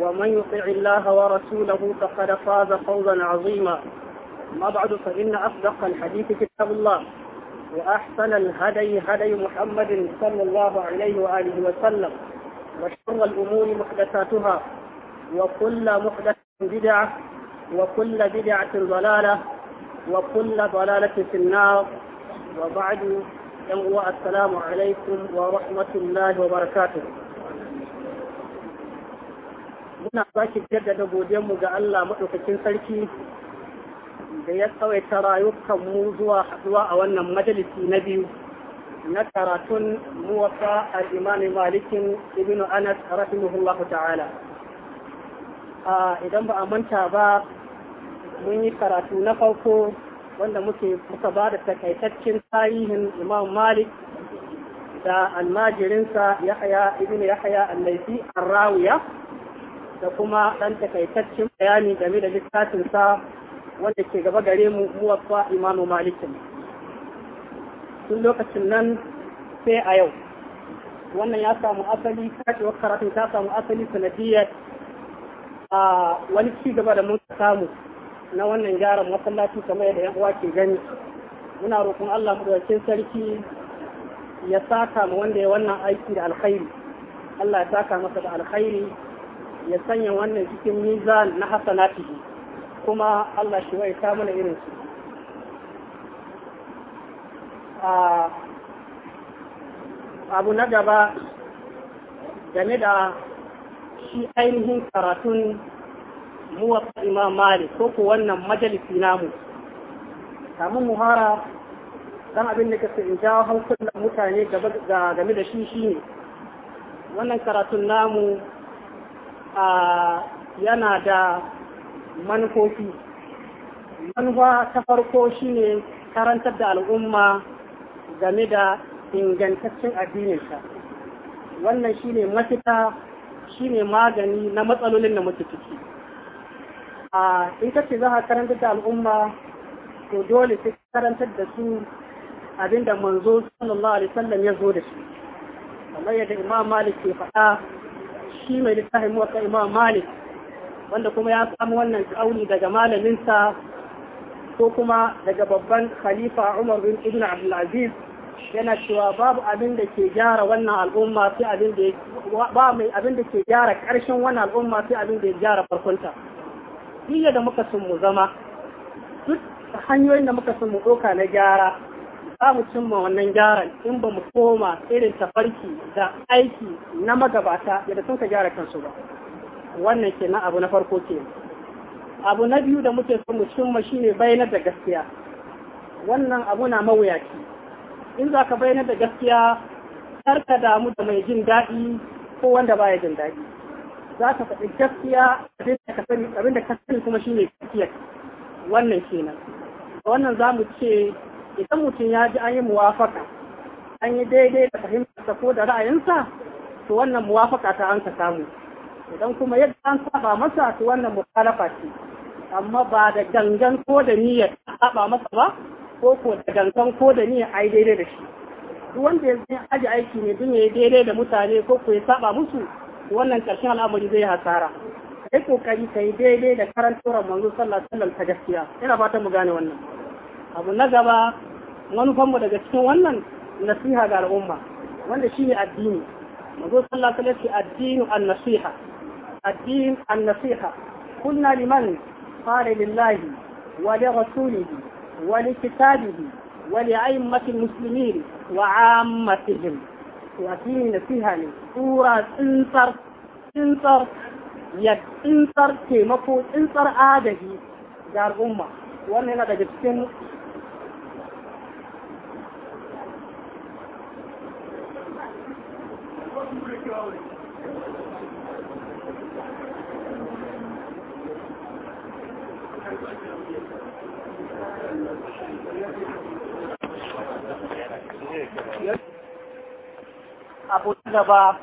ومن يطع الله ورسوله فقد فاز فوزا عظيما ما بعد فإن أصدق الحديث كتاب الله وأحسن الهدي هدي محمد صلى الله عليه وآله وسلم وشر الأمور محدثاتها وكل محدث بدعة وكل بدعة ضلالة وكل ضلالة في النار وبعد السلام عليكم ورحمة الله وبركاته muna sake jaddada mu ga Allah maɗaukakin sarki da ya tsawaita mu zuwa haɗuwa a wannan majalisi na biyu na karatun muwafa al'imami malikin ibn anas rahimahullahu ta'ala A idan ba a manta ba mun yi karatu na farko wanda muke muka ba da takaitaccen tarihin imam malik da almajirinsa yahya ibn yahya al-laifi ar-rawiya da kuma ɗan takaitaccen bayani game da littafinsa wanda ke gaba gare mu muwaffa imamu malikin tun lokacin nan sai a yau wannan ya samu asali wa karatun ta samu asali sanadiyar a wani ci gaba da mun samu na wannan gyaran masallaci kamar yadda yan uwa ke gani muna roƙon Allah madaukakin sarki ya saka mu wanda ya wannan aiki da alkhairi Allah ya saka masa da alkhairi ya sanya wannan cikin mizan na hasanatihi kuma Allah shi wai ta mana irin su abu na gaba game da shi ainihin karatun muwatta imam mali ko ku wannan majalisi namu kamun muhara dan abin da ka in jawo hankulan mutane game da shi shi ne. wannan karatun namu yana da manufofi manufa ta farko shine karantar da al'umma game da ingantaccen addininsa wannan shine mafita shine magani na matsalolin da muke ciki a in kace za a karantar da al'umma to dole sai karantar da su abinda manzo sallallahu alaihi wasallam ya zo da shi kamar yadda imam malik ke faɗa shi mai littafin muwatta imam malik wanda kuma ya samu wannan tsauni daga malaminsa ko kuma daga babban khalifa umar bin ibn abdul aziz yana cewa babu abin da ke gyara wannan al'umma sai abin da ba mai abin da ke gyara karshen wannan al'umma sai abin da ya gyara farkonta duk da muka sun mu zama duk hanyoyin da muka sun mu doka na gyara za mu cimma wannan gyaran in ba mu koma irin tafarki da aiki na magabata yadda sun ka gyara kansu ba wannan ke na abu na farko ke abu na biyu da muke so mu cimma ne bayanar da gaskiya wannan abu na mawuyaci in za ka bayanar da gaskiya kar ka damu da mai jin daɗi ko wanda baya jin daɗi za ka faɗi gaskiya abin da ka sani kuma ne gaskiya wannan kenan wannan za mu ce idan mutum ya ji an yi muwafaka an yi daidai da fahimtarsa ko da ra'ayinsa to wannan muwafaka ta an ka samu idan kuma yadda an saba masa to wannan mukhalafa ce amma ba da gangan ko da niyyar saba masa ba ko ko da gangan ko da niyyar ai daidai da shi duk wanda ya zai aji aiki ne don ya daidai da mutane ko ko ya saba musu wannan karshen al'amari zai hasara kai kokari yi daidai da karantarwar manzo sallallahu alaihi wasallam ta gaskiya ina fatan mu gane wannan abu na gaba wani manufanmu daga cikin wannan nasiha ga al'umma wanda shi ne addini mazo sallah ta lafi addini an-nasiha addini an-nasiha kunna liman fara lillahi wa li rasulihi wa li kitabihi wa li a'immati muslimin wa 'ammatihim to addini nasiha ne tura tsintar tsintar ya tsintar taimako tsintar adadi ga al'umma wannan yana daga cikin abu gaba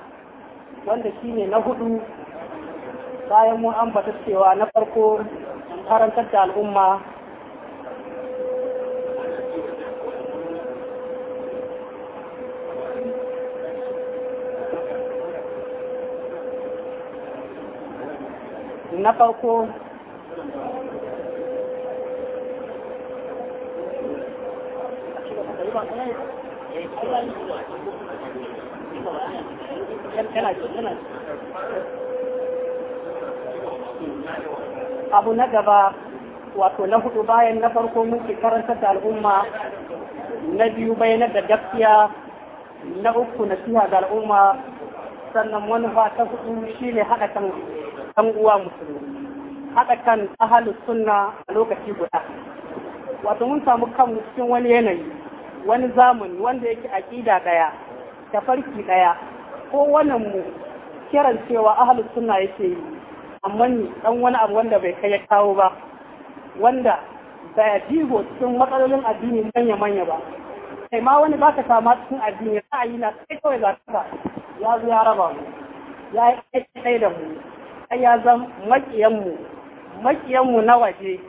wanda shi ne na hudu bayan mun ambata cewa na farko karantar da al'umma na farko abu na gaba wato na hudu bayan na farko muke karanta da al'umma na biyu bayanar da gaskiya na uku na da al'umma sannan wani ta hudu shi ne haɗa kan ɗan uwa musulmi haɗa kan ahalus sunna a lokaci guda wato mun samu kanmu cikin wani yanayi wani zamani wanda yake aƙida ɗaya tafarki ɗaya ko wannan mu kiran cewa ahalus sunna yake yi amma ni ɗan wani abu wanda bai kai ya kawo ba wanda ba ya jigo cikin matsalolin addini manya-manya ba kai ma wani ba ka sama cikin addini ra'ayi na kai kawai za ka ya zo ya raba mu ya yi kai da mu ya zan makiyanmu makiyanmu na waje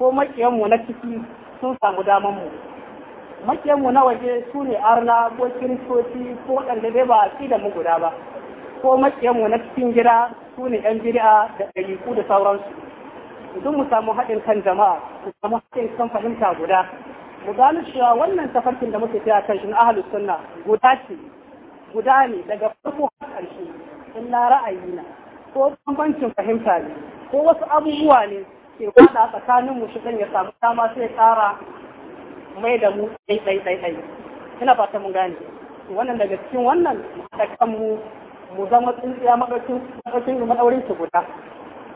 ko makiyanmu na ciki sun samu daman mu makiyanmu na waje su ne arna ko kiristoci ko waɗanda bai ba su da mu guda ba ko makiyanmu na cikin gida su ne yan bid'a da ɗabi'u da sauransu idan mu samu haɗin kan jama'a mu samu haɗin kan fahimta guda mu gano cewa wannan tafarkin da muke taya kan shi na ahlus sunna guda ce guda ne daga farko har ƙarshe na ra'ayi na ko bambancin fahimta ne ko wasu abubuwa ne ke kwada tsakanin mu shi ya samu dama sai tsara mai da mu ɗai ɗai ɗai ɗai ina fata mun gane wannan daga cikin wannan da kanmu mu zama tsintsiya madaukin madaukin madaurin su guda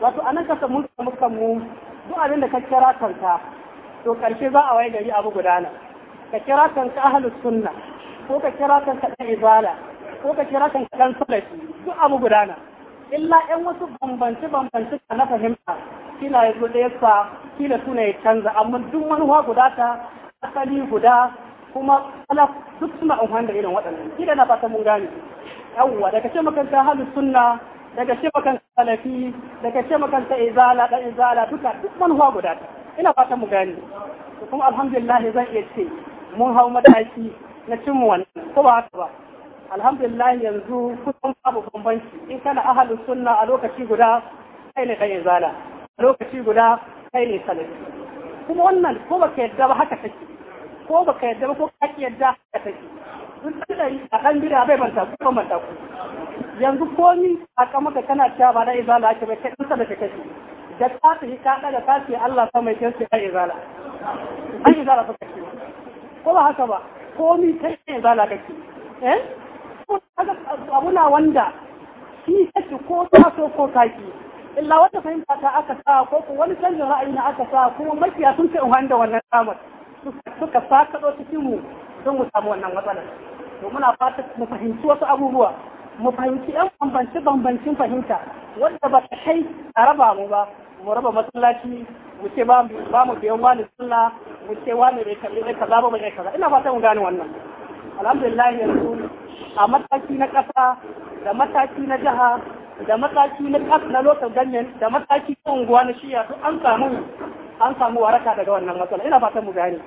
wato anan ka samu samu kanmu duk abin da ka kira kanka to karshe za a waye gari abu guda ka kira kanka ahlus sunna ko ka kira kanka dan ibada ko ka kira kanka dan salafi duk abu guda illa ɗan wasu bambance bambance da na fahimta kila ya zo ɗaya sa kila suna ya canza amma duk manuwa guda ta asali guda kuma ala duk suna amfani da irin waɗannan kila na fata mun gane yawwa daga ce makanta halin sunna daga ce makanta salafi daga ce makanta izala da izala duka duk manuwa guda ta ina fata mun gane kuma alhamdulillah zan iya ce mun hau mataki na cin wannan ko ba haka ba alhamdulillah yanzu kusan babu bambanci in kana ahalin sunna a lokaci guda kai ne kai zala a lokaci guda kai ne salafi kuma wannan ko baka yadda ba haka take ko baka yadda ba ko ka yadda haka take duk tsari a kan gida bai manta ko ban manta ku yanzu komi a ka kana cewa ba da izala ake bai kai dan salafi kake da ta yi ka daga ka ce Allah sa mai ce kai izala kai izala fa kake ko ba haka ba komi kai izala kake eh abuna wanda shi kashi ko taso ko kaki illa wata fahimta ta aka sa ko ko wani canjin ra'ayi na aka sa kuma makiya sun ce in da wannan damar suka saka kaɗo cikin mu don mu samu wannan matsalar to muna fata mu fahimci wasu abubuwa mu fahimci yan bambance bambancin fahimta wanda ba ta kai a raba mu ba mu raba masallaci mu ce ba mu biyan wani sunna mu ce wani bai kalli bai kaza ba bai kaza ina fata mu gane wannan alhamdulillah yanzu a mataki na ƙasa da mataki na jiha da mataki na ƙasa na local ganyen, da mataki na unguwa na shiya su an samu an samu waraka daga wannan matsala ina fatan mu gane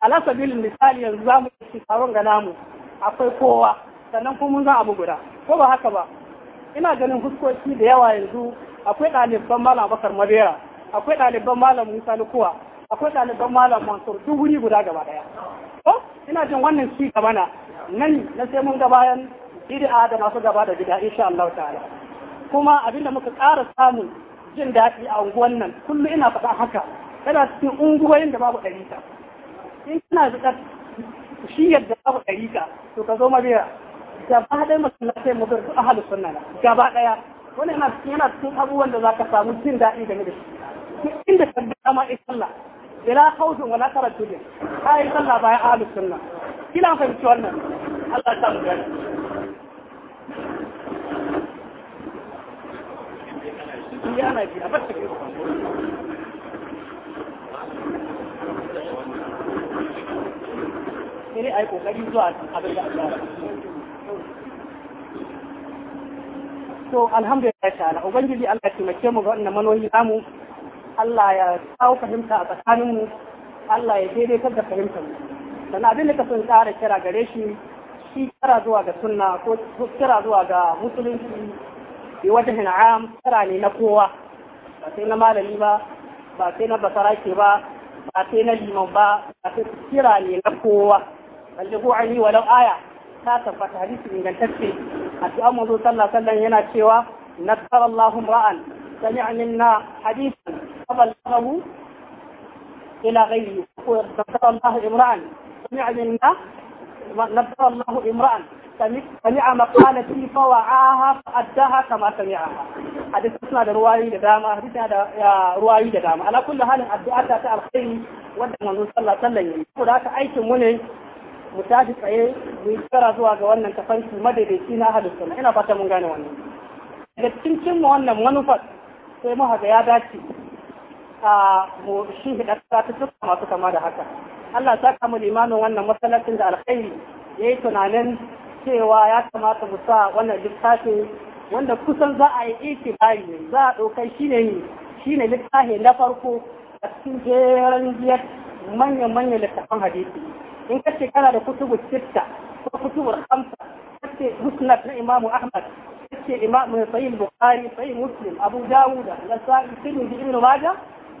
alasabilin misali yanzu za mu ci tsaron ga namu akwai kowa sannan kuma mun zan abu guda ko ba haka ba ina ganin huskoki da yawa yanzu akwai ɗaliban malam bakar mabera akwai ɗaliban malam musa lukuwa akwai ɗaliban malam mansur duk wuri guda gaba ɗaya ko ina jin wannan shi gaba na nan na sai mun ga bayan bid'a da masu gaba da bid'a insha Allah ta'ala kuma abinda muka ƙara samu jin daɗi a unguwan nan kullum ina faɗa haka kana cikin unguwoyin da babu ɗari ka in kana da shi yadda babu ɗari ka to ka zo mabiya gaba ɗaya masallacin mu ga ahalus sunna gaba ɗaya wannan yana cikin abubuwan da zaka samu jin daɗi game da shi inda ka dama ai sallah bila khawfin wala taraddudin ai sallah ya ahlus sunna kila fahimci wannan Allah ta mu gani ya ana ji a bashi sai dai a yi kokari zuwa abin da aka to alhamdulillah ta'ala ubangiji Allah ya taimake mu ga wannan manoyi namu Allah ya kawo fahimta a tsakaninmu Allah ya daidaitar da fahimtar mu sannan abin da ka sun tsara kira gare shi shi kira zuwa ga sunna ko kira zuwa ga musulunci bi wajen am kira ne na kowa ba sai na malami ba ba sai na basarake ba ba sai na liman ba ba sai kira ne na kowa balle ko an yi walau aya ta tabbata hadisi ingantacce a ci an mazo sallah sallan yana cewa nasarallahu ra'an sami'a minna hadisan ذهب الغضب الى غيره ذكر الله امرا سمع منها ذكر الله امرا سمع مقالتي فوعاها فأداها كما سمعها حديث اسمع رواية دامة حديث رواية دامة على كل حال الدعاء تاع الخير ودنا من صلى الله عليه وسلم وذاك أيش منه mutashi tsaye mu yi kara zuwa ga wannan tafanci madaidaici na ahalus sunna ina fata mun gane wannan daga cikin cimma wannan manufar sai mu haka ya dace a shi da ta tattuka masu kama da haka Allah ta kama limamin wannan masallacin da alkhairi ya yi tunanin cewa ya kamata mu sa wannan littafi wanda kusan za a yi iki ne za a ɗaukar shi ne shi ne littafi na farko a cikin jeran biyar manyan manyan littafan hadisi in ka shekara da kutubu sitta ko kutubu hamsa kace musnad na imamu ahmad kace imamu sahih bukhari sahih muslim abu dawud da nasa'i tirmidhi ibn majah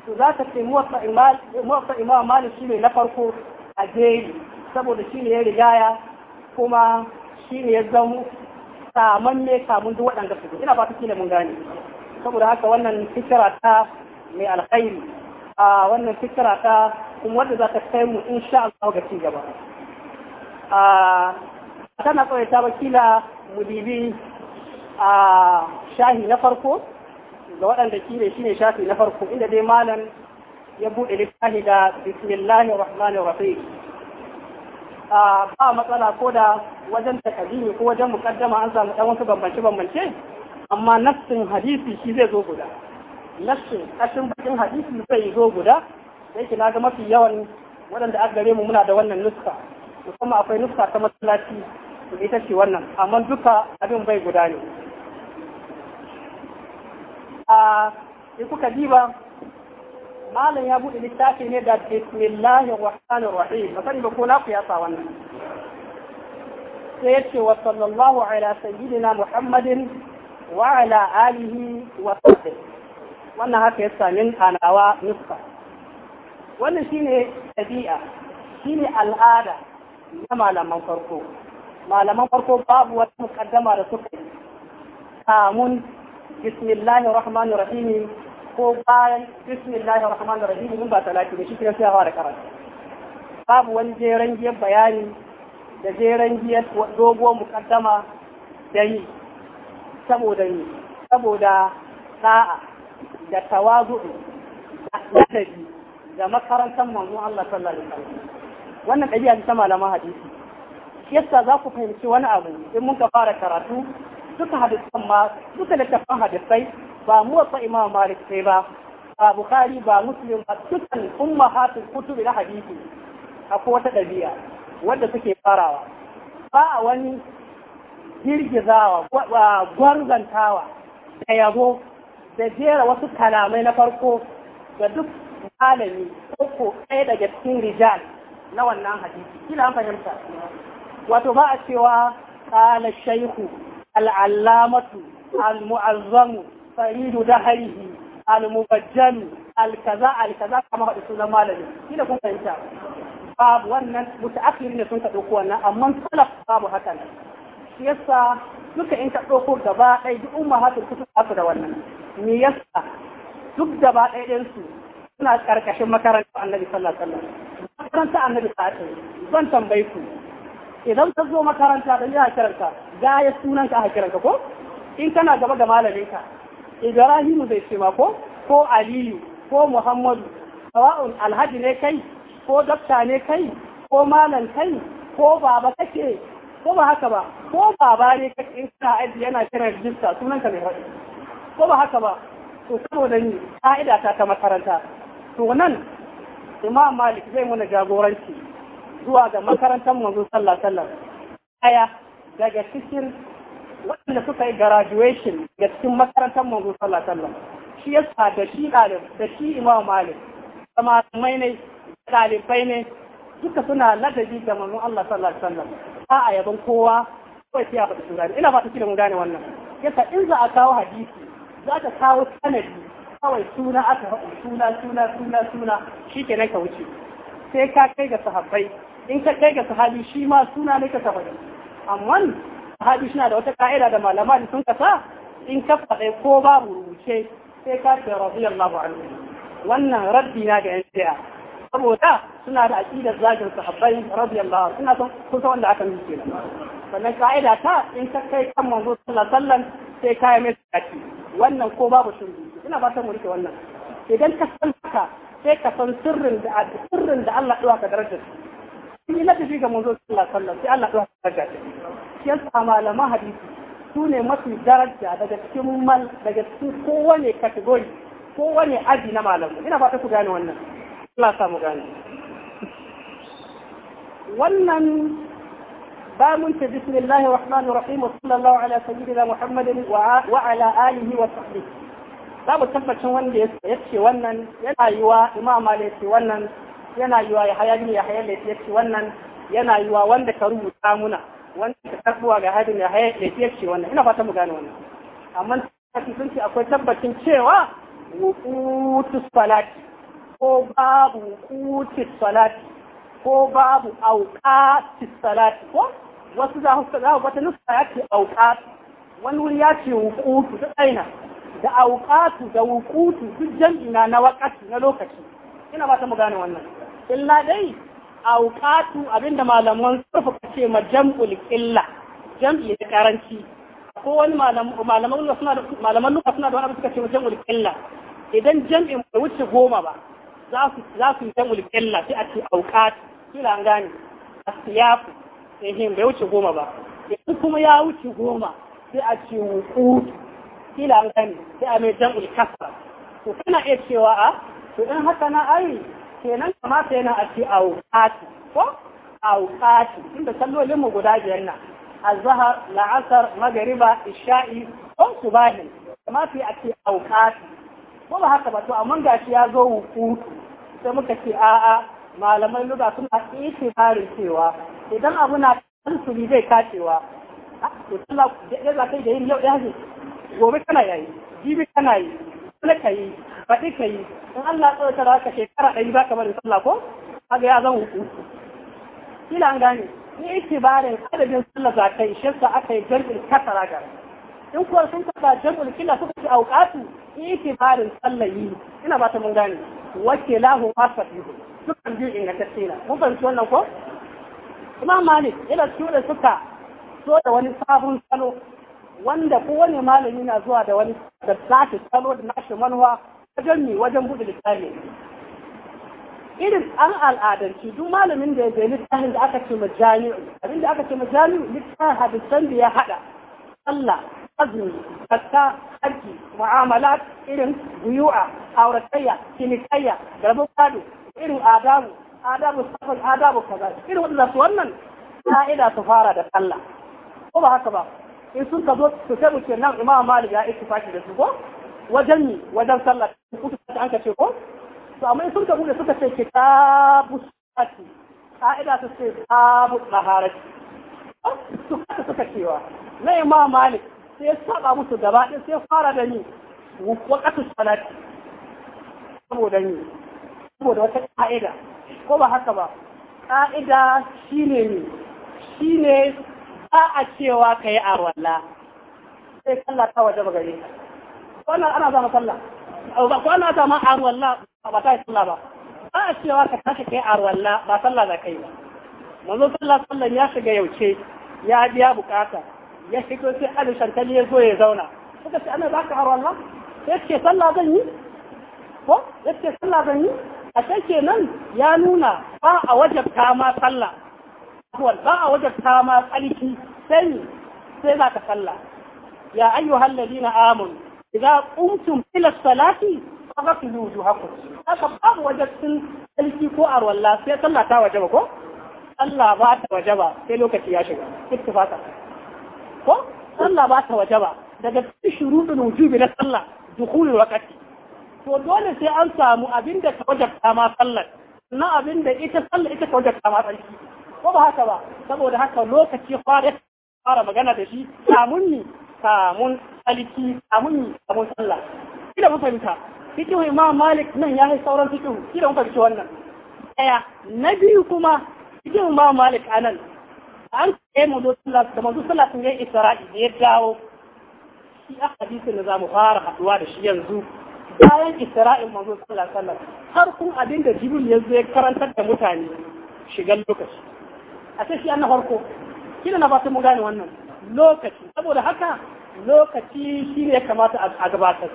to za ka ce imam malik shi ne na farko a jeri saboda shi ne ya rigaya kuma shi ne ya zama saman ne kamun duk waɗanda su ina fata shi ne mun gane saboda haka wannan fikira ta mai alkhairi a wannan fikira ta kuma wanda za ta kai mu insha Allah ga cigaba a tana tsawaita ta kila mudibi a shahi na farko ga waɗanda kire ne shafi na farko inda dai malam ya buɗe littafi da bismillahir rahmanir rahim ba matsala ko da wajen takadimi ko wajen mukaddama an samu ɗan wasu bambance bambance amma nassin hadisi shi zai zo guda nassin kashin bakin hadisi zai zo guda sai na ga mafi yawan waɗanda aka gare mu muna da wannan nuska musamman akwai nuska ta masallaci ita ce wannan amma duka abin bai guda ne a kuka diba malam ya buɗe littafi ne da bismillahir rahmanir rahim masani ba ko na ku ya sa wannan sai ya ce wa sallallahu ala sayyidina muhammadin wa ala alihi wa sahbihi wannan haka ya sami anawa nuska wannan shine tabi'a shine al'ada na malaman farko malaman farko babu wata mukaddama da suka yi kamun bismillahir rahmanir ko bayan bismillahir rahmanir rahim in ba talaki ba shi kira sai fara karanta babu wani jeren giyar bayani da jeren giyar doguwar mukaddama da yi saboda yi saboda da'a da tawazu'u da ladabi da makarantar manzo Allah sallallahu alaihi wannan ɗabi'a ta malaman hadisi yasa za ku fahimci wani abu in muka fara karatu duka hadisan ma duka littafan hadisai ba mu wasa imam malik sai ba ba bukhari ba muslim ba dukkan ummahatul kutu na hadisi ko wata dabi'a wanda suke farawa ba a wani girgizawa gwarzantawa da yabo da jera wasu kalamai na farko ga duk malami ko ɗaya daga cikin rijal na wannan hadisi kila an fahimta wato ba a cewa قال shaihu al'allamatu al-mu'azzamu sa'idu kama sunan malami shi da kun fahimta babu wannan mutaakhir ne sun ka ɗauko amma salaf babu haka nan shi yasa duka in gaba duk umma da wannan me yasa duk gaba ɗin su suna ƙarƙashin makarantar annabi sallallahu alaihi wasallam makarantar annabi ku idan ka zo makaranta da ya kiranka ga ya sunan ka aka kiranka ko in kana gaba da malamin ka Ibrahimu zai ce ma ko ko Aliyu ko Muhammadu sawa'un alhaji ne kai ko dakta ne kai ko malam kai ko baba kake ko ba haka ba ko baba ne kake in sa aji yana kiran rijista sunan ka ne ko ba haka ba to saboda ni ka'ida ta ta makaranta to nan Imam Malik zai mana jagoranci zuwa ga makarantar manzo sallasallar aya daga cikin waɗanda suka yi graduation daga cikin makarantar manzo sallasallar shi shi sa da shi ɗalib da shi imam malik kama mai ne ɗalibai ne duka suna ladabi ga manzon Allah sallasallar ta a yaban kowa kawai sai a faɗi turare ina fata kila mun gane wannan yasa in za a kawo hadisi za ta kawo sanadi kawai suna aka faɗi suna suna suna suna shikenan ka wuce sai ka kai ga sahabbai in ka kai ga sahabi shi ma suna ne ka sahabi amma sahabi suna da wata ka'ida da malama da sun kasa in ka faɗa ko babu rubuce sai ka ce radiyallahu anhu wannan rabbi na ga yan saboda suna da aqidar zagin sahabbai radiyallahu suna son kusa wanda aka nuke da. sannan ka'ida ta in ka kai kan manzo sallallahu alaihi wasallam sai ka yi mai wannan ko babu shuru ina ba ta mu rike wannan idan ka san haka sai ka san sirrin da sirrin da Allah ɗuwa ka darajar shi na tafi ga manzo sallallahu alaihi wasallam sai Allah ɗuwa ka daraja shi yasa malaman hadisi su ne mafi daraja daga cikin mal daga cikin kowane kategori kowane aji na malamu ina fata ku gane wannan Allah sa mu gane wannan باب في بسم الله الرحمن الرحيم وصلى الله على wa ala alihi wa وصحبه babu tabbacin wanda ya ce wannan yana yiwa imam malik ya ce wannan yana yiwa ya haya ya haya ya ce wannan yana yiwa wanda ka rubuta muna wanda ka karbuwa ga hadin ya haya ya ce wannan ina fata mu gane wannan amma sun ce akwai tabbacin cewa wuqutus salati ko babu wuqutus salati ko babu auqatis salati ko wasu za su za wata nusa ya ce auqat wani wuri ya ce wukutu ta aina da auqatu da wuqutu duk jam'ina na waqati na lokaci ina ba ta mu gane wannan illa dai auqatu abinda malaman sarfa kace ma jam'ul illa jam'i da karanci ko wani malaman luka suna da malaman luka suna da wani suka ce jam'ul illa idan jam'in bai wuce goma ba za su za su jam'ul illa sai a ce auqatu kila an gane asiyafu sai eh, hin bai wuce goma ba Idan kuma ya wuce goma sai a ce wuqutu kila an gani sai a mai jam'ul kasra to kana iya cewa a ah, to in haka na ai kenan kamata yana a ce aukati ko aukati inda sallolin mu guda biyar na azhar la'asar magariba isha'i ko subahi kamata a ce aukati ko ba haka ba to amma gashi ya zo wuku sai muka ce a'a malamai luga suna itibarin cewa idan abu na kansuri zai kacewa ah, to sallah da za kai da yin yau ya gobe kana yayi jibi kana yi kula ka yi faɗi ka yi in Allah ya tsara ka shekara ɗari baka bari sallah ko haka ya zan hukuku kila an gane ni ikibarin adadin sallah za ta yi shirka aka yi jar'in kasara gara in kuwa sun taɓa jam'ul kila suka ci auƙatu sallah, yi. ina ba ta mun gane wake lahu asfahihu dukkan biyu ingantacce na mun fahimci wannan ko imam malik yana cikin da suka so da wani sabon salo wanda kowane malami na zuwa da wani da nashi salo da nashi manuwa wajen mi wajen buɗe littafi irin an al'adanci duk malamin da ya zai littafin da aka ce ma jami'u abinda aka ce ma jami'u littafin hadisan da ya haɗa Allah azumi zakka haji mu'amalat irin guyu'a auratayya kinikayya, garbu kado irin adabu adabu safan adabu kaza irin wanda su wannan ka'ida su fara da Allah ko ba haka ba in sun ka zo su sai muke nan imam malik ya faki da su ko wajen ni wajen sallah ku ta an ka ce ko to amma in sun ka bude suka ce kitabu sati ka'ida su ce babu taharati su ah, kaka suka cewa na imam malik sai ya saba musu gaba ɗaya sai fara da ni wakatu salati saboda ni saboda wata ka'ida ko ba haka ba ka'ida shine ni shine ba a cewa ka yi arwalla sai sallah ta waje ba gare ka wannan ana zama sallah ba ko ana zama arwalla ba ta yi sallah ba ba a cewa ka tashi ka yi arwalla ba sallah za ka yi ba manzo sallah sallan ya shiga yauce ya biya bukata ya shigo sai alin shantali ya zo ya zauna suka ce ana za ka arwalla sai ce sallah zan yi ko ya ce sallah zan yi a sai kenan ya nuna ba a wajabta ma sallah abuwal ba a wajen kama tsarki sai sai za ka sallah ya ayyuhal ladina amanu idza qumtum ila salati faghsilu wujuhakum haka babu wajen sun tsarki ko arwalla sai sallah ta wajaba ko Allah ba ta waje ba sai lokaci ya shiga ittifaqa ko sallah ba ta waje ba daga cikin shurudul wujubi na sallah dukhulul waqti to dole sai an samu abinda ta wajabta ma sallar na abinda ita sallar ita ta wajabta ma tsarki ko ba haka ba saboda haka lokaci fara fara magana da shi kamun ni kamun aliki kamun ni kamun sallah kida mun fahimta fikihu imam malik nan ya yi sauran fikihu kida mun fahimci wannan daya na biyu kuma fikihu imam malik anan an kai mu do sallah da manzo sallah sun yi isra'i da ya dawo shi a hadisin da zamu fara haduwa da shi yanzu bayan isra'il manzo sallah sallah har kun abin da jibril ya zo ya karantar da mutane shigan lokaci a ce shi an na farko shi na fatan mu gane wannan lokaci saboda haka lokaci shi ne ya kamata a gabatar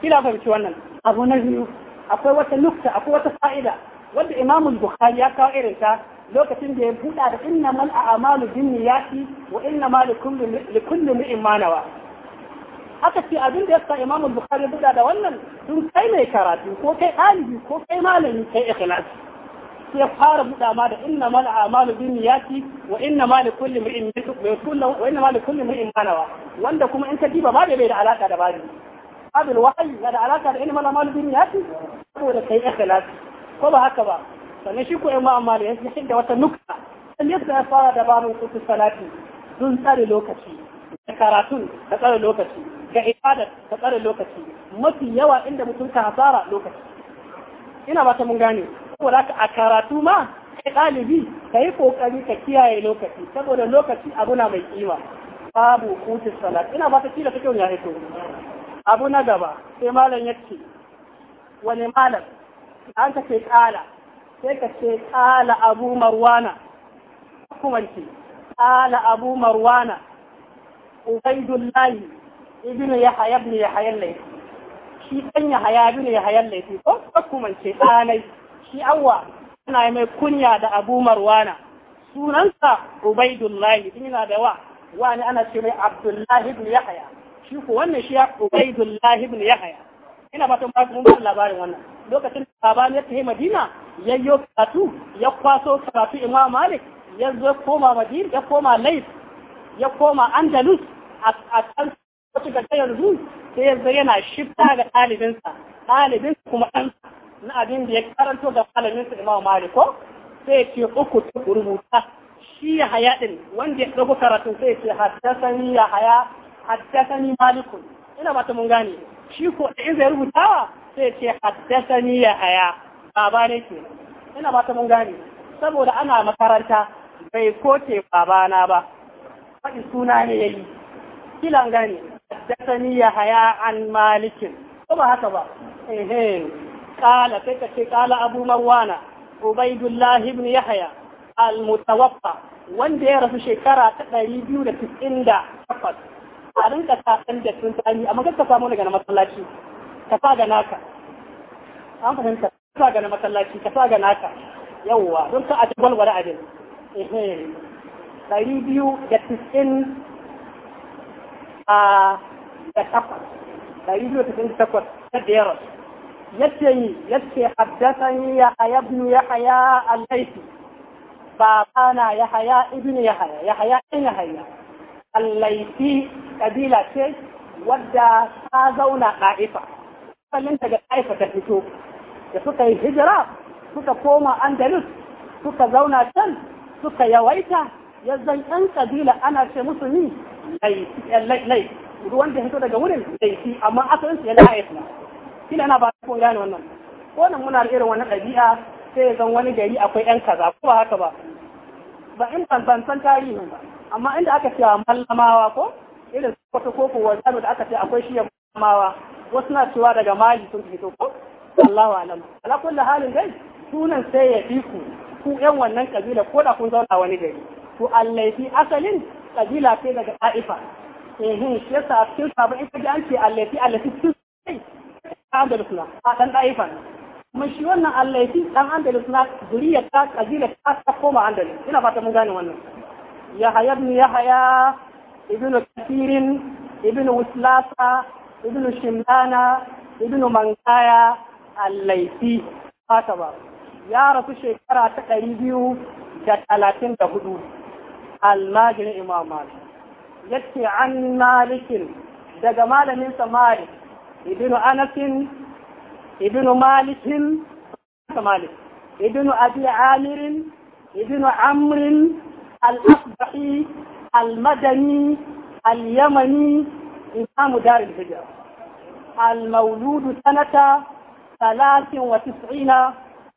kila fahimci wannan abu na biyu akwai wata nukta akwai wata fa'ida wanda imamul bukhari ya kawo irin ta lokacin da ya buɗa da inna a a'malu binniyati wa inna ma likulli imrin ma nawa aka ce abin da yasa imamul bukhari buɗa da wannan tun kai mai karatu ko kai ɗalibi ko kai malami kai ikhlasi sai fara buɗa ma da inna mal a'malu bin niyyati wa inna ma li kulli imrin wa inna ma li kulli imrin manawa wanda kuma in ka diba ba bai da alaka da babu abul wahyi na da alaka da inna mal a'malu bin niyyati saboda kai ikhlas ko ba haka ba sannan shi ko imam mali ya shi da wata nukta yadda ya fara da babun kutu salati dun tsare lokaci da karatun da tsare lokaci ga ibada da tsare lokaci mafi yawa inda mutum ka hasara lokaci ina ba ta mun gane saboda a karatu ma kai ɗalibi ka yi ƙoƙari ka kiyaye lokaci saboda lokaci abu na mai kima babu kutin salat ina ba ta kila ta kyau ya haifo abu na gaba sai malam ya ce wani malam an ka ce ƙala sai ka ce ƙala abu marwana kuma ce ƙala abu marwana ya hayar yahya ya hayar laifi shi ya haya yahya ya hayar laifi ko kuma ce ɗanai shi awwa ana mai kunya da abu marwana sunansa ubaidullahi in yana da wa wani ana ce mai abdullahi ibn yahya shi ko wannan shi ubaidullahi ibn yahya ina fatan ba mun bar labarin wannan lokacin da babani ya tafi madina yayyo katu ya kwaso karatu imam malik ya zo koma madina ya koma laif ya koma andalus a kan wata ga yanzu sai ya zo yana shifta ga ɗalibinsa ɗalibinsa kuma ɗansa na abin da ya karanto da malamin su Imam Malik ko sai ce uku ta rubuta shi haya din wanda ya dauko karatu sai ce haddasani ya haya haddasani malikun ina ba ta mun gane shi ko da in zai rubutawa sai ce haddasani ya haya baba ne ke ina ba ta mun gane saboda ana makaranta bai kote babana ba faɗi suna ne yayi kilan gane haddasani ya haya an malikin ko ba haka ba ehe sai ka ce قال أبو موانا عبيد الله بن al المتوفى wanda ya rasu shekara ta ɗari biyu da tisin da takwas a rinka saƙon da sun tsani amma ka samu daga na masallaci ka sa ga naka an fahimta ka sa ga na masallaci ka sa ga naka yawwa don ka a jagwal wani abin ɗari biyu da tisin da takwas ɗari biyu da tisin da takwas ta da ya rasu yace yace haddathani ya ibn yahya al-laythi babana yahya ibn yahya yahya in yahya al-laythi kabila ce wadda ta zauna ɗa'ifa kallon daga ɗa'ifa ta fito da suka yi hijira suka koma andalus suka zauna can suka yawaita yanzan ɗan kabila ana ce musu ni laifi ruwan da fito daga wurin laifi amma asalin su ya ɗa'if kila ana ba ku gane wannan nan muna da irin wani ɗabi'a sai zan wani gari akwai yan kaza ko ba haka ba ba in ban ban san tarihi ba amma inda aka cewa mallamawa ko irin wata koko wazano da aka ce akwai shi ya mallamawa wasu na cewa daga mali sun fito ko Allahu alam ala kulli halin dai sunan sai ya fi ku ku yan wannan kabila ko da kun zauna wani gari to allafi asalin kabila ce daga ta'ifa eh shi yasa cikin sabon in ga an ce allafi allafi cikin andalus na a dan daifa kuma shi wannan allaiti dan andalus na zuriyar ta kabila ta ta koma andalus ina fata mun gane wannan ya haya ibn yahya ibn kathir ibn uslasa ibn shimlana ibn mankaya allaiti haka ba ya rasu shekara ta ɗari biyu da talatin da hudu almajirin imam malik yace an malikin daga malamin sa ابن أنس ابن مالك مالك ابن أبي عامر ابن عمرو الأصبحي المدني اليمني إمام دار الهجرة المولود سنة ثلاث وتسعين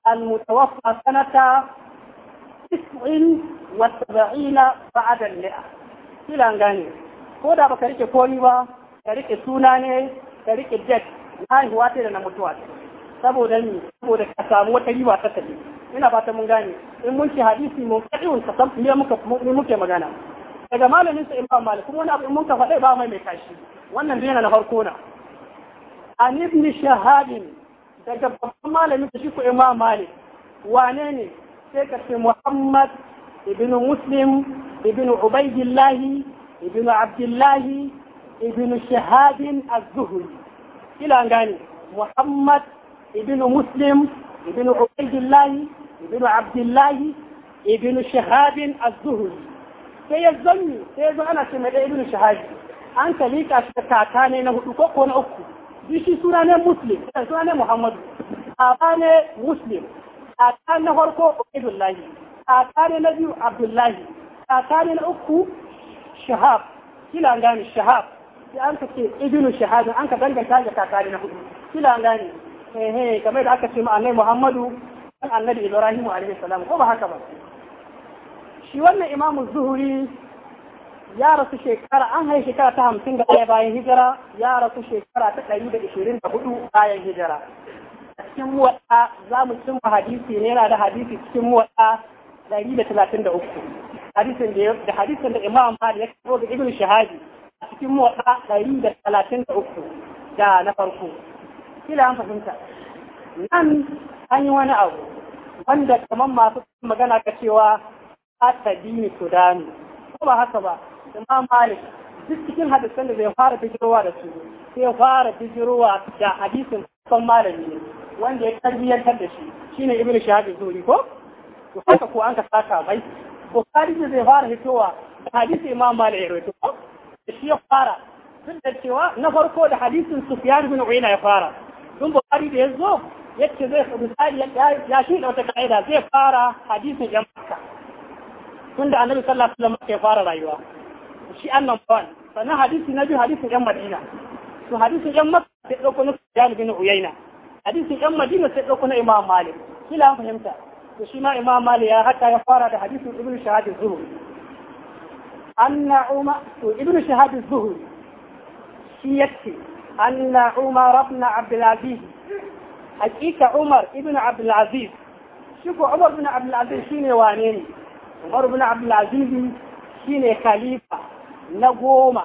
المتوفى سنة تسع وسبعين بعد المئة إلى أن هو كودا بكريك كوني با كريك سوناني ka rike jet na haihuwa ta da na mutuwa saboda ni saboda ka samu wata riba ta tafi ina fata mun gane in mun ce hadisi mun kadiun ka san me muka ne muke magana daga malamin sa imam malik kuma wani abu in mun ka faɗa ba mai mai kashi wannan dai na farko na an ibn shahab daga babban malamin shi ko imam malik wane ne sai ka ce muhammad ibn muslim ibn ubaydillah ibn abdullahi ibn shahadin az-zuhri kila gane muhammad ibn muslim ibn ubaidillahi ibn abdullahi ibn shahadin az-zuhri sai ya zanni sai ya zo ana ce da ibn shahadi. an kalika shi kaka ne na hudu ko ko na uku duk shi suna ne muslim suna ne muhammadu kaka ne muslim kaka na farko ubaidillahi kaka ne na biyu abdullahi kaka ne na uku shahab kila gane shahab sai an ka ce ibnu shahadin an ka danganta ga kakari na hudu kila an gane eh eh kamar da aka ce ma muhammadu an annabi ibrahim alaihi salam ko ba haka ba shi wannan imam-zuhri ya rasu shekara an haihu shekara ta hamsin ga ɗaya bayan hijira ya rasu shekara ta ɗari da ishirin da hudu bayan hijira cikin muwaɗa za mu cin hadisi ne yana da hadisi cikin muwaɗa ɗari da talatin da uku hadisin da hadisin da imam mali ya kawo da ibn shahadi a cikin motsa ɗari da talatin da uku da na farko kila an fahimta nan an yi wani abu wanda kamar masu magana ka cewa ta dini dami. ko ba haka ba imam malik duk cikin hadisan da zai fara bijirowa da su sai fara bijirowa da hadisin son malami ne wanda ya tarbiyyantar da shi shine ibnu shahab zuri ko to haka ko an ka saka bai bukhari zai fara hitowa da hadisi imam malik ya rawaito shi ya fara tun da cewa na farko da hadisin Sufyan bin Uyayna ya fara tun Bukhari da yazo yake zai misali ya shi da wata kaida zai fara hadisin yan Makka tun da Annabi sallallahu alaihi wasallam ya fara rayuwa shi annan fa'al sannan hadisi na biyu hadisin yan Madina to hadisin yan Makka sai dauko na Sufyan bin Uyayna hadisin yan Madina sai dauko na Imam Malik kila fahimta to shi ma Imam Malik ya haka ya fara da hadisin Ibn Shahab az-Zuhri أن عمر ابن شهاب الزهري شيكتي أن عمر بن عبد العزيز حقيقة عمر ابن عبد العزيز شوفوا عمر بن عبد العزيز شيني وانين عمر بن عبد العزيز شيني خليفة نقوم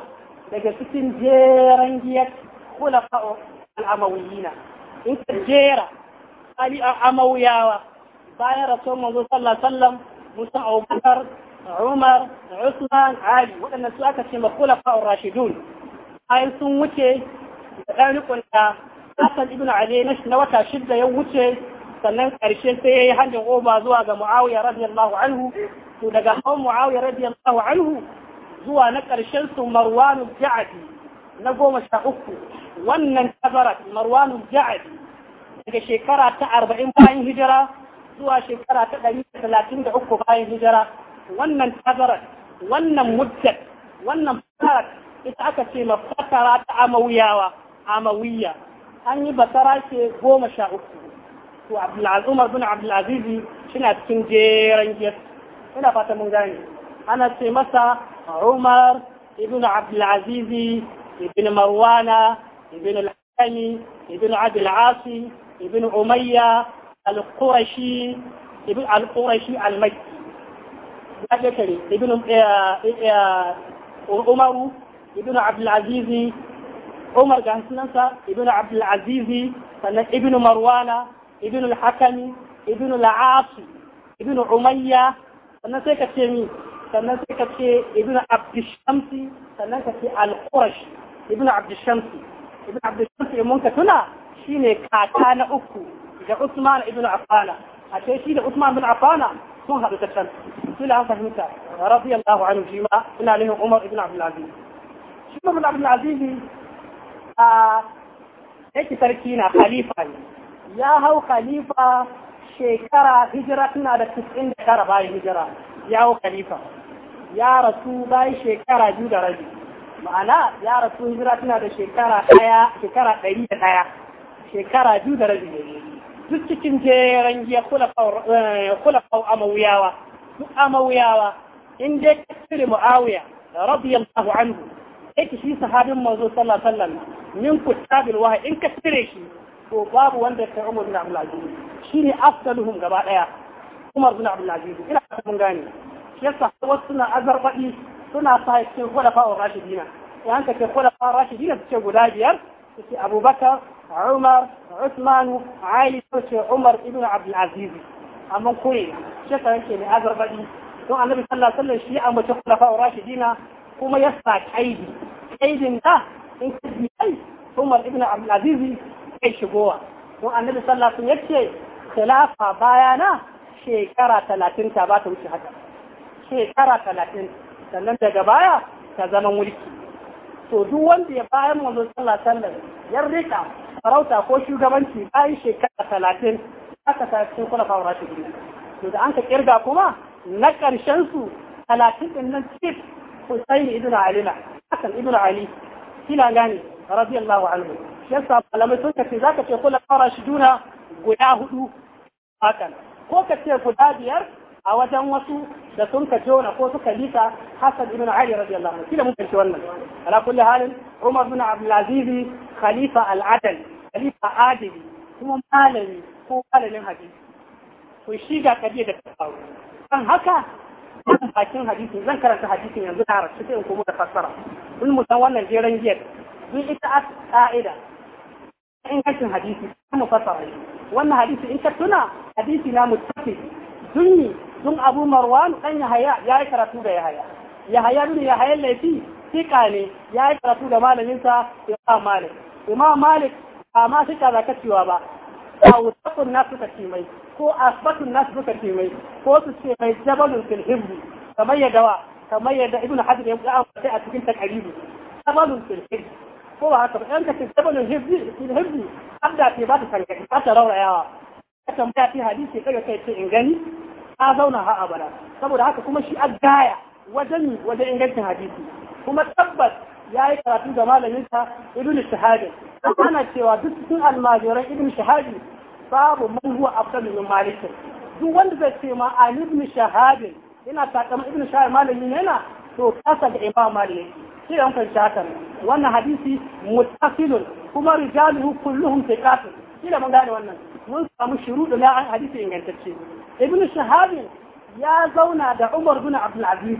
daga cikin jeren giyar kulafa al'amawiyina in ka jera ali al'amawiyawa bayan rasuwan manzo sallallahu alaihi wasallam musa abubakar Umar Usman Ali waɗannan su aka ce makula fa'ur Rashidun bayan sun wuce da ɗan rikon da Hassan ibn Ali na wata shidda ya wuce sannan ƙarshe sai ya yi hannun oba zuwa ga Muawiya radiyallahu anhu to daga hawan Muawiya radiyallahu anhu zuwa na ƙarshen su Marwanu Ja'adi na goma sha uku wannan tabarat Marwanu Ja'adi daga shekara ta arba'in bayan hijira zuwa shekara ta ɗari da talatin da uku bayan hijira wannan tazarar wannan muddat wannan fasarar ita aka ce ma fasara ta amawiyawa amawiya an yi basara ce goma sha uku to abdulaziz umar bin abdulaziz suna cikin jeran giyar ina fata mun gane ana ce masa umar ibn abdulaziz ibn marwana ibn al-hakami ibn abd al ibn umayya al-qurashi ibn al-qurashi al-makki ya shekare ibn eh, eh, eh, umaru ibn abdulaziz umar ga sunansa ibn abdulaziz sannan ibn marwana ibn al-hakami ibn al ibn umayya sannan sai ka ce mi sannan sai ka ce ibn abdushamsi sannan ka ce al-qurash ibn abdushamsi ibn abdushamsi mun ka tuna shine kaka na uku da usman ibn affana a ce shi da usman ibn affana sun haɗu ta can kila an fahimta radiyallahu anhu shi ma ina nufin Umar ibn Abdul Aziz shi Umar ibn Abdul a yake sarki na khalifa ne ya hau khalifa shekara hijira tana da da 99 bayan hijira ya hau khalifa ya rasu bayan shekara biyu da rabi ma'ana ya rasu hijira tana da shekara ɗaya shekara ɗari da ɗaya shekara biyu da rabi duk cikin jeren giya kula kula amawiyawa duk amawiyawa in dai ka kafiri muawiya radiyallahu anhu yake shi sahabin manzo sallallahu alaihi wasallam min kutabil wahyi in ka cire shi to babu wanda kai Umar bin Abdul Aziz shine afdaluhum gaba daya Umar bin Abdul Aziz ina mun gane shi ya yasa wasu suna azarbadi suna sa cikin khulafa ar-rashidina wa anka ke khulafa ar-rashidina ce guda biyar ce Abubakar Umar Uthman Ali ce Umar ibn Abdul Aziz amma koyi shekaran yake ne azarbaɗi don annabi sallallahu alaihi wasallam shi ya ambaci khulafa wa rashidina kuma ya sa kaidi kaidin da in ka ji ai Umar ibn Abdul Aziz kai shigowa don annabi sallallahu alaihi wasallam yace khilafa bayana shekara talatin ta ba ta wuce haka shekara talatin sannan daga baya ta zama mulki to duk wanda ya bayan manzo sallallahu alaihi wasallam ya rika farauta ko shugabanci bayan shekara talatin aka sa cikin kula fawara shi to da an ka kirga kuma na ƙarshen su talatin ɗin nan cikin cif Hussein ibn Ali na Hassan ibn Ali kina gane radiyallahu anhu yasa malamai sun kace zaka ce kula fawara shi juna guda hudu hakan ko ka ce guda biyar a wajen wasu da sun ka jona ko suka lisa hasan ibn Ali radiyallahu anhu kina mun kace wannan ala kulli halin Umar ibn Abdul Aziz khalifa al-adl khalifa adili kuma malami ko malamin hadisi to shi ga kadiya da ta faru kan haka wannan bakin hadisin zan karanta hadisin yanzu da harashi sai in komo da fassara mun mu san wannan jeren giyar duk ita a ka'ida ingancin hadisi mu fassara shi wannan hadisi in ka tuna hadisi na mu tafi. dunni dun abu marwan dan yahaya ya yi karatu da yahaya yahaya dun yahaya laifi fika ne ya yi karatu da malaminsa imam malik imam malik ba ma fika za ka cewa ba haqqun nas suka ce ko asbatun nas suka ce ko su ce mai jabalun fil himmi kamar yadda wa kamar yadda ibnu hajar ya ambata a cikin takaribu jabalun fil himmi ko ba haka ba yanka ce jabalun himmi fil himmi abda ce ba ta karkashi ba ta raurayawa ta tambaya ce hadisi kaga kai ce in gani ta zauna ha abada saboda haka kuma shi a gaya wajen wajen ingancin hadisi kuma tabbas ya yi karatu da malaminsa ibn shahadi ana cewa duk cikin almajiran ibnu shahadi babu man huwa afdalu min malik duk wanda zai ce ma ali ibn shahab ina sakama ibn shahab malami ne na to kasa da imam malik sai an kan shaka wannan hadisi mutafilun kuma rijaluhu kulluhum thiqatun kila mun gane wannan mun samu shuruɗu na hadisi ingantacce ibn shahab ya zauna da umar bin abdul aziz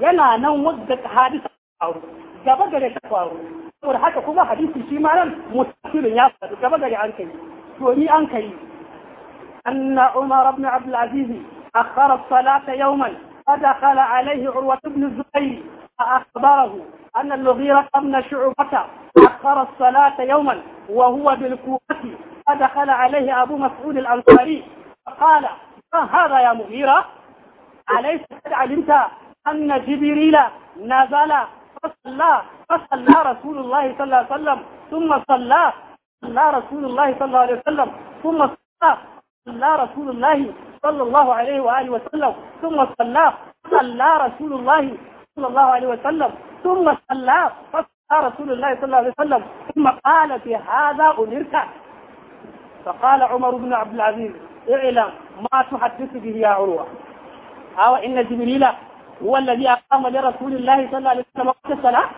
yana nan wadda hadisa faru gaba gare ta faru saboda haka kuma hadisi shi ma nan muttasilun ya faru gaba gare an kai وني أنكي أن عمر بن عبد العزيز أخر الصلاة يوما فدخل عليه عروة بن الزبير فأخبره أن المغيرة بن شعبة أخر الصلاة يوما وهو بالكوفة فدخل عليه أبو مسعود الأنصاري فقال ما هذا يا مغيرة أليس قد علمت أن جبريل نزل فصلى فصلى رسول الله صلى الله عليه وسلم ثم صلى صلى رسول الله صلى الله عليه وسلم ثم صلى صلى رسول الله صلى الله عليه وآله وسلم ثم صلى صلى رسول الله صلى الله عليه وسلم ثم صلى فصلى رسول الله صلى الله عليه وسلم ثم قال في هذا أمرت فقال عمر بن عبد العزيز اعلم ما تحدث به يا عروة أو إن جبريل هو الذي أقام لرسول الله صلى الله عليه وسلم وقت الصلاة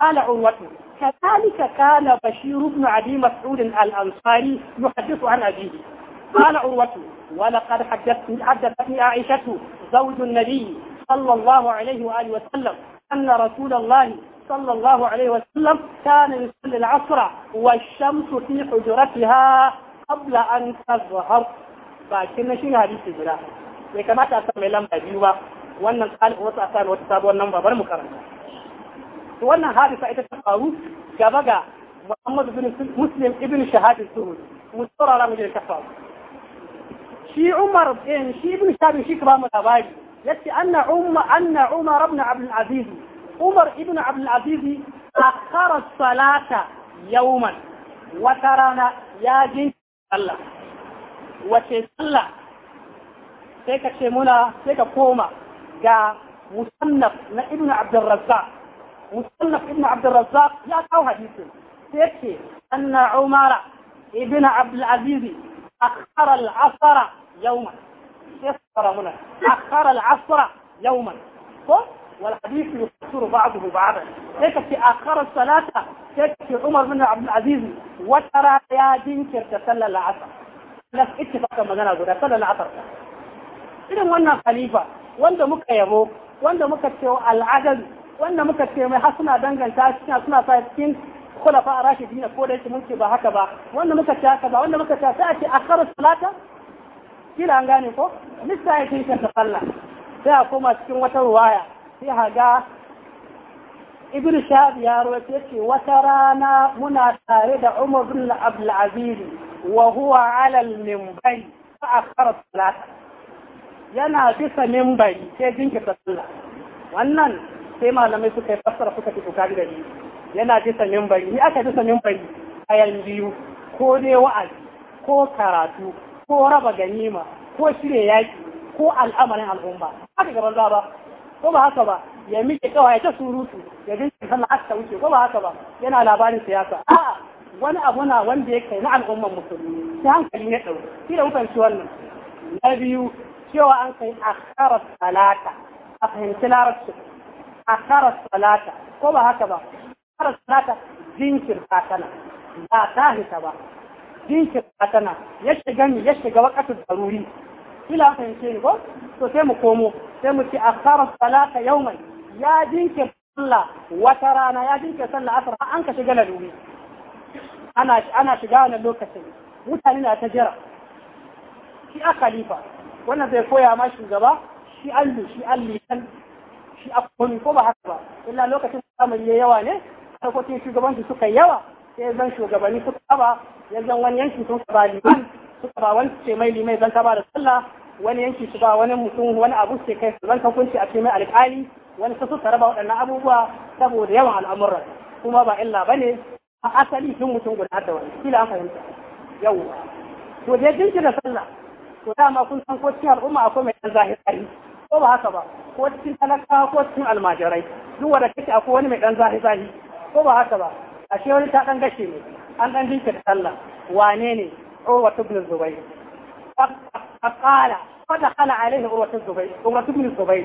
قال عروته كذلك كان بشير بن ابي مسعود الانصاري يحدث عن ابيه قال عروة ولقد حدثتني حدثتني عائشة زوج النبي صلى الله عليه وآله وسلم أن رسول الله صلى الله عليه وسلم كان يصلي العصر والشمس في حجرتها قبل أن تظهر لكن شيء حديث بلا bai kamata a samu lamba biyu ba wannan kalin wata a samu wata sabuwar nan ba bar mu karanta to wannan hadisa ita ta faru gaba ga Muhammad bin Muslim ibn Shahab al-Suhud mustarara mu ta faru shi Umar bin shi ibn Shahab shi ka mu labari yace anna umma anna Umar ibn Abdul Aziz Umar ibn Abdul Aziz akhara salata yawman wata rana ya jin Allah wace sallah sai ka ce muna sai ka koma ga musannaf na ibn Abdul Razzaq مصنف لا cabdiلرaزاq yaa أن عمر seedki عبد العزيز أخر العصر يوما اlcasra yawma أخر العصر يوما صح؟ والحديث يفسر بعضه بعضا تكفي آخر الصلاة تكفي عمر بن عبد العزيز وترى يا دينك تسلل العصر لك اتفاق انا اقول تسلل العصر إذن وانا خليفة وانا مكه يا وانا وانت مكه العدد wanda muka ce mai har suna danganta shi suna sa cikin a ar-rashidin ko da yake mulki ba haka ba wanda muka ce haka ba wanda muka ce sai a ce akharu salata kila an gane ko lissa ya tinka ta sallah sai a koma cikin wata ruwaya sai ga ibn shahab ya rawaita yake wata rana muna tare da umar bin abdul aziz wa huwa ala al-minbar fa akhara salata yana bisa minbari sai jinkirta sallah wannan sai malamai suka yi fassara suka fito kaji da ni yana bisa mimbari ni aka bisa mimbari ayan biyu ko dai wa'azi ko karatu ko raba ganima ko shirya yaki ko al'amarin al'umma haka gaban ba ko ba haka ba ya miƙe kawai ya ta surutu ya bin sannan aska wuce ko ba haka ba yana labarin siyasa a'a wani abu na wanda ya kai na al'umman musulmi ta hankali ne ɗau shi da mutanci wannan na biyu cewa an kai a karar talata a fahimci larabci akara salata ko ba haka ba akara salata jinkirta tana ba ta hita ba jinkirta tana ya shiga ni ya shiga wakatu daruri ila fahimce ni ko to sai mu komo sai mu ci akara salata yauman ya jinkirta sallah wata rana ya jinkirta sallah asar an ka shiga laruri ana ana shiga wannan lokacin mutane na ta jira shi a khalifa wannan zai koya ma shugaba shi allu shi allu shi a komi ko ba haka ba illa lokacin zamani ya yawa ne sarkokin shugabanci suka yawa sai zan shugabanni suka kaba ya zan wani yanki sun ba liman suka ba wani ce mai limai zan ba da sallah wani yanki su ba wani mutum wani abu ce kai zan hukunci a ce mai alƙali wani su suka raba waɗannan abubuwa saboda yawan al'amuran kuma ba illa ba ne a asali sun mutum guda da wani kila an fahimta yau to dai jinki da sallah to dama kun san ko cikin al'umma akwai mai ɗan zahiri ko ba haka ba ko cikin talakawa ko cikin almajirai duk wanda kake akwai wani mai dan zahi zahi ko ba haka ba ashe wani ta dan gashe ne an dan dinka da sallah wane ne urwa ibn zubayr faqala fa dakhala alayhi urwa ibn zubayr urwa ibn zubayr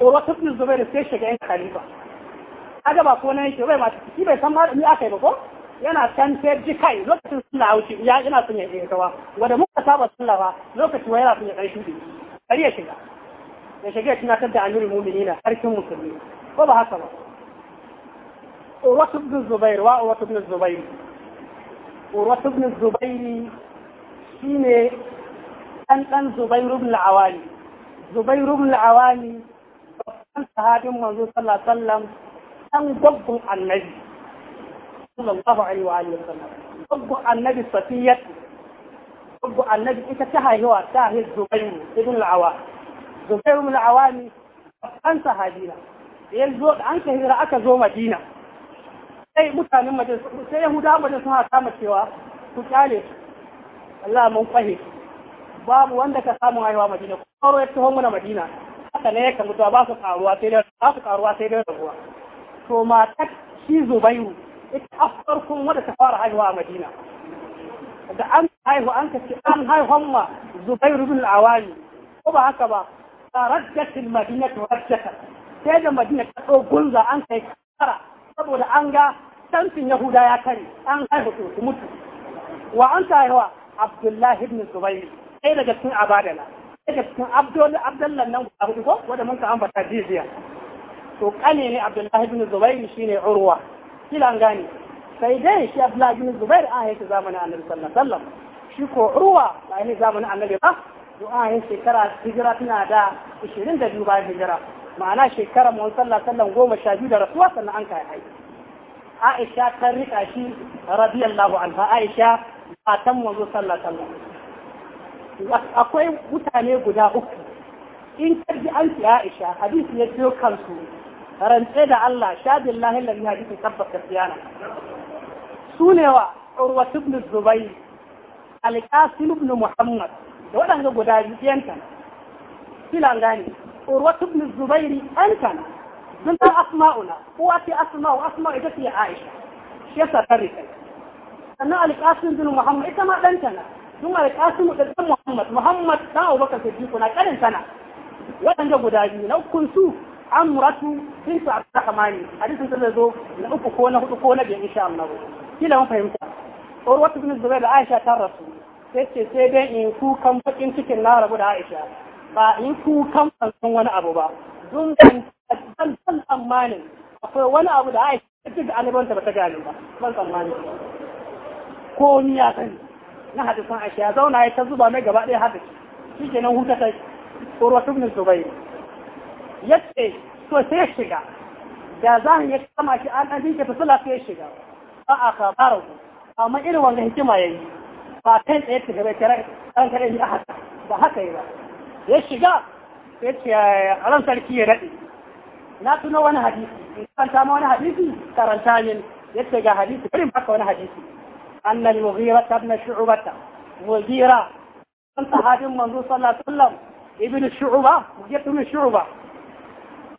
urwa ibn zubayr sai shiga yan khalifa kaga ba ko nan shi bai ma shi bai san ma ni akai ba ko yana san sai ji kai lokacin suna wuce ya ina sun yi kawa wanda muka saba sallah ba lokacin wa yana sun yi kai shudi kariya shiga يشجعتنا كنت عن نور المؤمنين أركم المسلمين وضع صلاة ورث ابن الزبير ورث ابن الزبير ورث ابن الزبير فينا أن أن زبير بن العوالي زبير بن العوالي وكان صحابي منذ صلى الله عليه وسلم أن ضب عن النبي صلى الله عليه وآله وسلم ضب عن النبي صفية ضب عن النبي إذا تهي هو تهي الزبير بن العوالي ba su karuwa sai dai su karuwa zubairu a da an haihu an an ma zubairu bin awali ko ba haka ba ردت المدينة ردتا sai da madina ta ɗau gunza an kai kara saboda an ga tantin yahuda ya kare an haihu su su mutu wa an ta yawa abdullahi ibn zubairi sai daga cikin abadala sai daga cikin abdullan nan guda hudu ko wanda mun ka ambata jijiya to kane ne abdullahi ibn zubairi shine urwa kila an gane sai dai shi abdullahi ibn zubairi an haihu zamanin annabi sallallahu alaihi wasallam shi ko urwa ba ne zamanin annabi ba to a yin shekara hijira tana da 22 bayan hijira ma'ana shekara mun sallah sallan goma sha biyu da rasuwa sannan an kai aiki Aisha ta rika shi radiyallahu anha Aisha matan manzo sallah sallah akwai mutane guda uku in karbi an ci Aisha hadisi ya biyo kansu rantse da Allah sha billahi lalli hadisi tabbata siyana sunewa Urwa ibn Zubayr Al-Qasim ibn Muhammad da waɗanda guda biyu yankan filan gane urwatu ibn zubairi ankan sun ta asma'una uwa ce asma'u asma'u ita ce aisha shi yasa ta rike sannan alƙasin bin muhammad ita ma ɗan tana sun alƙasim da ɗan muhammad muhammad ɗan abubakar siddiqu na ƙarin tana waɗanda guda biyu na ukun su amratu bintu abdurrahmani hadisin ta zo na uku ko na hudu ko na biyar insha Allah kila mun fahimta urwatu ibn zubair da aisha ta rasu yace sai dai in kukan bakin cikin na rabu da Aisha ba in kukan san wani abu ba dun dan dan tsammanin akwai wani abu da Aisha ji da ta bata gane ba ban tsammanin ko ni ya sani na san Aisha zauna ya ta zuba mai gaba ɗaya hadisi shikenan huta ta Urwa ibn Zubayr yace to sai shiga da zan ya kama shi an an dinke fasala sai ya shiga ba a kafaru amma irin wannan hikima yayi ba kai tsaye ta gaba tare in kaɗai ya haka ba haka yi ba ya shiga ya ce a ran sarki ya daɗe na tuno wani hadisi in karanta ma wani hadisi karanta min ya ce ga hadisi bari baka wani hadisi annal mughira na shu'bata mughira an sahabin manzo sallallahu alaihi wasallam ibn shu'ba mughira ibn shu'ba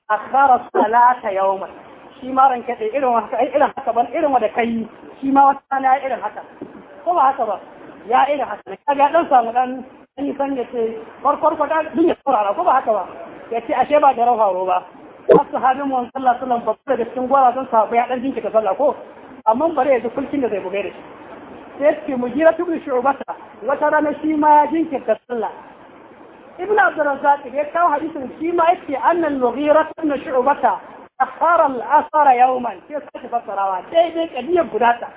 akhara salata yawman shi ma ran kaɗai irin haka irin haka ban irin wanda kai shi ma wata na irin haka ko ba haka ba yaa ila hasan kaga dhan san dan ni san yace kor kor ko dal dunya kor ala ko ba haka ba yace ashe ba da rawa roba ashabin mu sallallahu alaihi wasallam babba da cikin gwara san sahaba ya dan dinka ka sallah ko amma bare yanzu kulkin da zai buge da shi sai ce mujira tubin shu'bata wata rana shi ma ya dinka ka sallah ibn abdurrazzaq ya kawo hadisin shi ma yace annal mughira tubin shu'bata akhara al-asara yawman sai sai fassarawa dai dai kadiyar gudata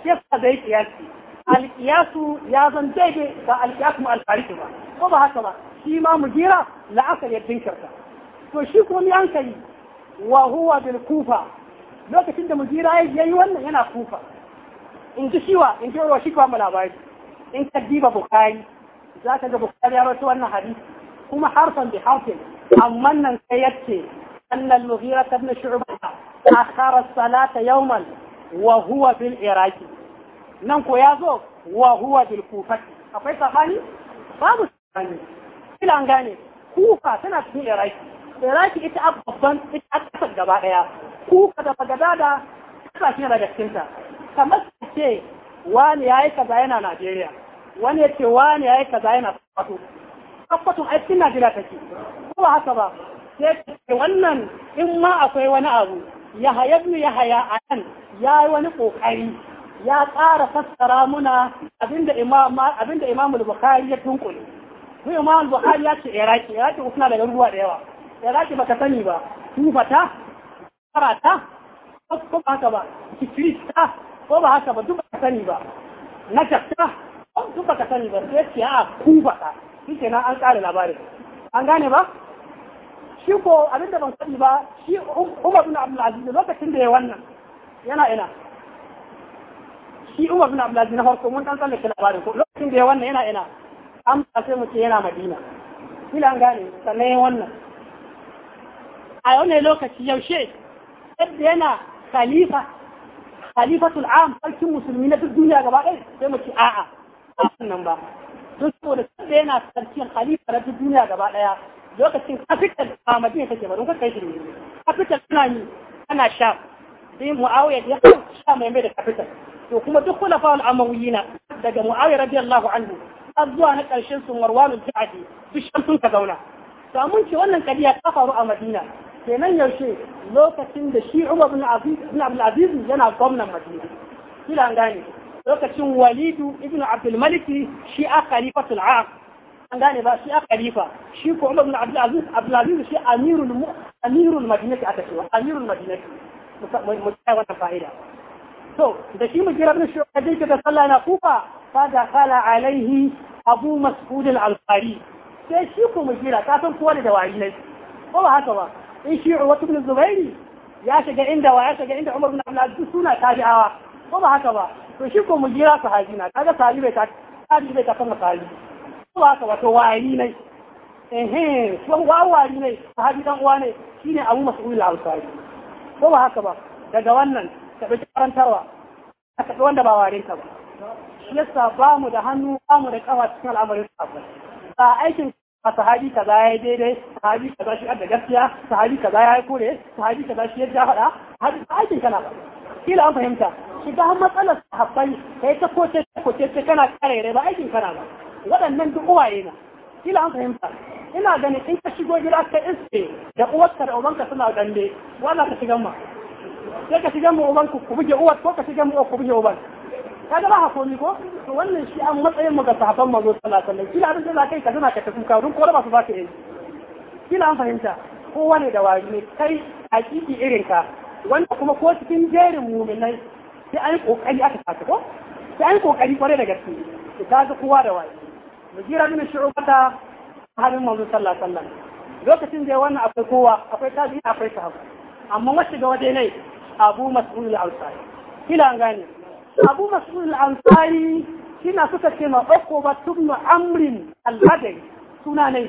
sai sai kiyasi alkiyasu ya zan daidai ga alkiyasu alfarisu ba ko ba haka ba shi ma mujira la'akari ya dinkirta to shi kuma mi an kai wa huwa bil kufa lokacin da mujira ya yi wannan yana kufa in ji shiwa in ji wa shi kuma labari in ka diba bukari za ka ga bukari ya rawaito wannan hadisi kuma harfan bi harfin amma nan sai yace ta المغيرة بن kara salata الصلاة يوما وهو في العراق nan ko ya zo wa huwa bil kufati akwai sabani babu sabani ila an gane kufa tana cikin iraki iraki ita babban ita akasa gaba daya kufa da bagadada da daga cikin ta kamar ce wani yayi kaza yana Najeriya wani yace wani yayi kaza yana Sokoto Sokoto a cikin Najeriya take ko ba haka ba sai wannan in ma akwai wani abu Yahaya ya haya a nan yayi wani kokari ya ƙara fassara muna abinda imam abinda imam al-bukhari ya tunkule ko imam al-bukhari ya ce iraki iraki kuma da ruwa da yawa iraki baka sani ba kufa ta karata ko ba haka ba kirista ko ba haka ba duk baka sani ba na kasta ko duk baka sani ba sai ce a kufa ta shike nan an ƙara labarin an gane ba shi ko abinda ban sani ba shi umar bin abdul aziz lokacin da ya wannan yana ina shi Umar bin Abdulaziz na farko mun dan tsallake labarin ko lokacin da ya wannan yana ina an ba sai mu ce yana Madina kila an gane sannan wannan a wannan lokaci yaushe yadda yana khalifa khalifatul am sarkin musulmi na duk duniya gaba ɗaya sai mu ce a'a a nan ba duk saboda da yana sarkin khalifa na duk duniya gaba ɗaya lokacin Afirka ba Madina take ba don ka kai shi Afirka suna yi ana sha sai mu'awiyar ya sha mai mai da Afirka to kuma duk khulafa al-amawiyina daga muawiya radiyallahu anhu har zuwa na ƙarshen su marwan al-ja'di duk shan sun ka zauna to mun ce wannan kadiya ta faru a madina kenan yaushe lokacin da shi umar bin aziz bin abdul aziz yana gwamnan madina kila gane lokacin walidu ibn abdul malik shi a khalifatul aam an gane ba shi a khalifa shi ko umar bin abdul aziz abdul aziz shi amirul amirul madinati aka cewa amirul madinati mutai wannan fa'ida to da shi shi a dinka da sallah na kufa fa da kala alaihi abu mas'ud al alqari sai shi ko kira ka san kowa da wari ne ko ba haka ba in shi wa bin zubairi ya shiga inda wa ya shiga inda umar bin abdul suna tabi'awa ko ba haka ba to shi mu kira sahabi na kaga sahabi bai ta sahabi bai ta kama sahabi ko ba haka ba to wari ne eh ko wawari ne sahabi dan uwa ne shine abu mas'ud al alqari ko ba haka ba daga wannan ka karantarwa a taɓi wanda ba warin ka ba shi yasa ba mu da hannu ba mu da kafa cikin al'amarin sahabbai ba aikin a sahabi kaza ya yi daidai sahabi kaza shi yadda gaskiya sahabi kaza ya yi kore sahabi kaza shi yadda faɗa sahabi ba aikin kana ba kila an fahimta shiga har matsalar sahabbai kai ta koce koce ce kana kare ba aikin kana ba waɗannan duk uwaye na kila an fahimta ina ganin in ka shigo gida ka iske da uwarka da ubanka suna dande wannan ka shigan ma sai ka shiga mu uban ku buge uwar ko ka shiga mu ku buge uban kaga ba hakuri ko to wannan shi an matsayin mu ga sahabban manzo sallallahu alaihi wasallam kila abin da kai ka zana ka tafi ka run ko ba su zaka yi kila an fahimta kowa wani da wari ne kai hakiki irin ka wanda kuma ko cikin jerin mu'minai sai an kokari aka saka ko sai an kokari kware da gaske to kaga kowa da jira mujira bin shu'bata sahabban manzo sallallahu alaihi wasallam lokacin da wannan akwai kowa akwai tabi'i akwai sahabba amma wacce ga waje ne abu masu al-ansari kila gani abu mas'ul al-ansari kina suka ce ma uquba ibn amrin al-badri suna ne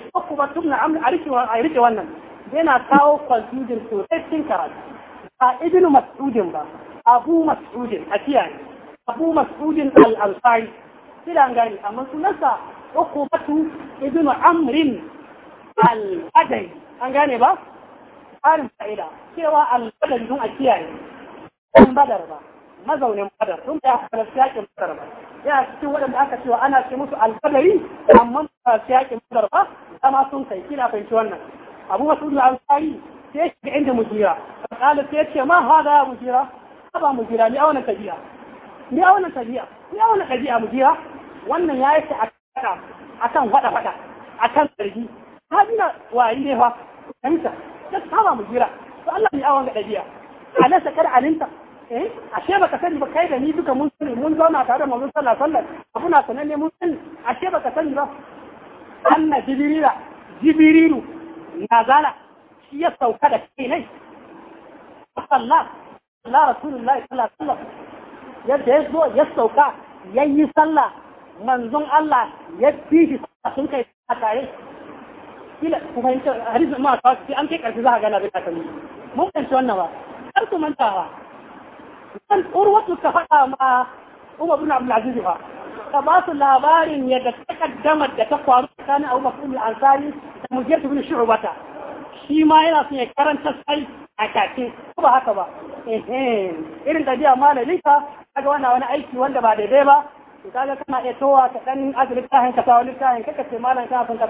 tun na amr a rike wannan yana kawo confusion sosai cikin karatu ba ibn mas'udin ba abu mas'udin a kiyaye abu mas'udin al-ansari kila gani amma sunansa uqubatu ibn amr al al'adai, an gane ba ƙarin fa'ida cewa alƙalan dun a kiyaye ɗan badar ba mazaunin badar da badar ba ya cikin waɗanda aka cewa ana ce musu alƙalari amma ba su yakin badar ba sun kai kina fahimci wannan abu wasu da alƙari sai inda mujira sai ce ma mujira ba mujira ni a wannan tabiya ni a wannan tabiya ni a wannan tabiya mujira wannan ya yi a kan faɗa-faɗa a kan zargi ta na wayi ne fa fahimta ta saba mu jira to Allah ne awon ga dabi'a alasa kada alinta eh ashe baka sani ba kai da ni duka mun sani mun zauna tare da manzon sallallahu alaihi wasallam abuna sananne mun sani ashe baka sani ba anna jibrila jibrilu nazala shi ya sauka da kai ne Allah Allah Rasulullahi sallallahu alaihi wasallam yadda ya zo ya sauka yayi sallah manzon Allah ya fi shi sun kai tare kila ku fahimta hadisin ma ta sai an kai karshe za ka gana bai takalmi mun fahimci wannan ba kar ku mantawa dan urwatu ka faɗa ma Umar bin ba ba su labarin yadda takaddamar da ta faru tsakanin Abu Bakr bin Ansari da Mujahid bin Shu'bata shi ma yana son ya karanta sai a kake ko ba haka ba irin ɗabi'a malaminka kaga wannan wani aiki wanda ba daidai ba to kaga kana iya towa ka dan azurta hin ta tawo littafin kaka malam ka san ka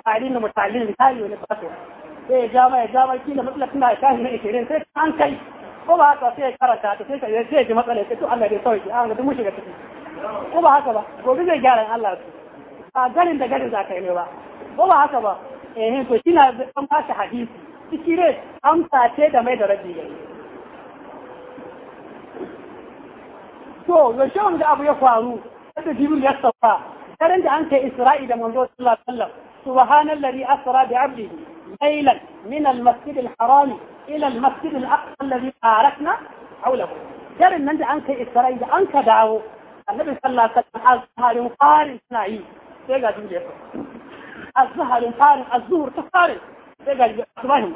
tsari na misalin misali wani fato sai ya ja mai ja mai kila matsala tana na sai an kai ko ba haka sai ya karanta ta sai ya sai ji matsala sai to Allah ya sauki an ga mun shiga ciki ko ba haka ba gobe zai gyara Allah su ba garin da garin za ka yi ba ko ba haka ba eh to shi na an ba hadisi ciki ne an da mai da rabi to abu ya faru da jibril ya saba da an kai isra'i da manzo sallallahu alaihi wasallam سبحان الذي أسرى بعبده ليلا من المسجد الحرام إلى المسجد الأقصى الذي باركنا حوله جرن ننجي عنك إسرائيل عنك دعوه النبي صلى الله عليه وسلم الظهر مقارن سنعي سيقا جمجي الظهر مقارن الظهر تقارن سيقا جمجي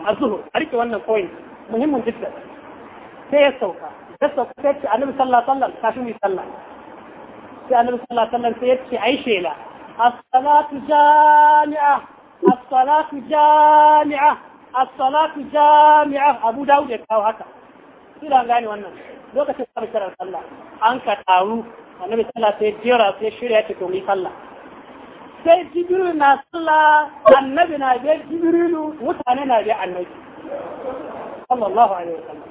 الظهر أريك وانا قوين مهم جدا سيسوكا سيسوكا سيسوكا النبي صلى الله عليه وسلم كاشم يسلم النبي صلى الله عليه وسلم سيسوكا أي شيء لا الصلاة جامعة الصلاة جامعة الصلاة جامعة أبو داود يكاو هكا إلى أن غاني وانا لوكا تسابي شرع صلى أنك تعالو النبي صلى الله عليه وسلم في شريعة تكوني صلى sai jibiru na sallah annabi na biyar jibrilu mutane na biyar annabi sallallahu alaihi wasallam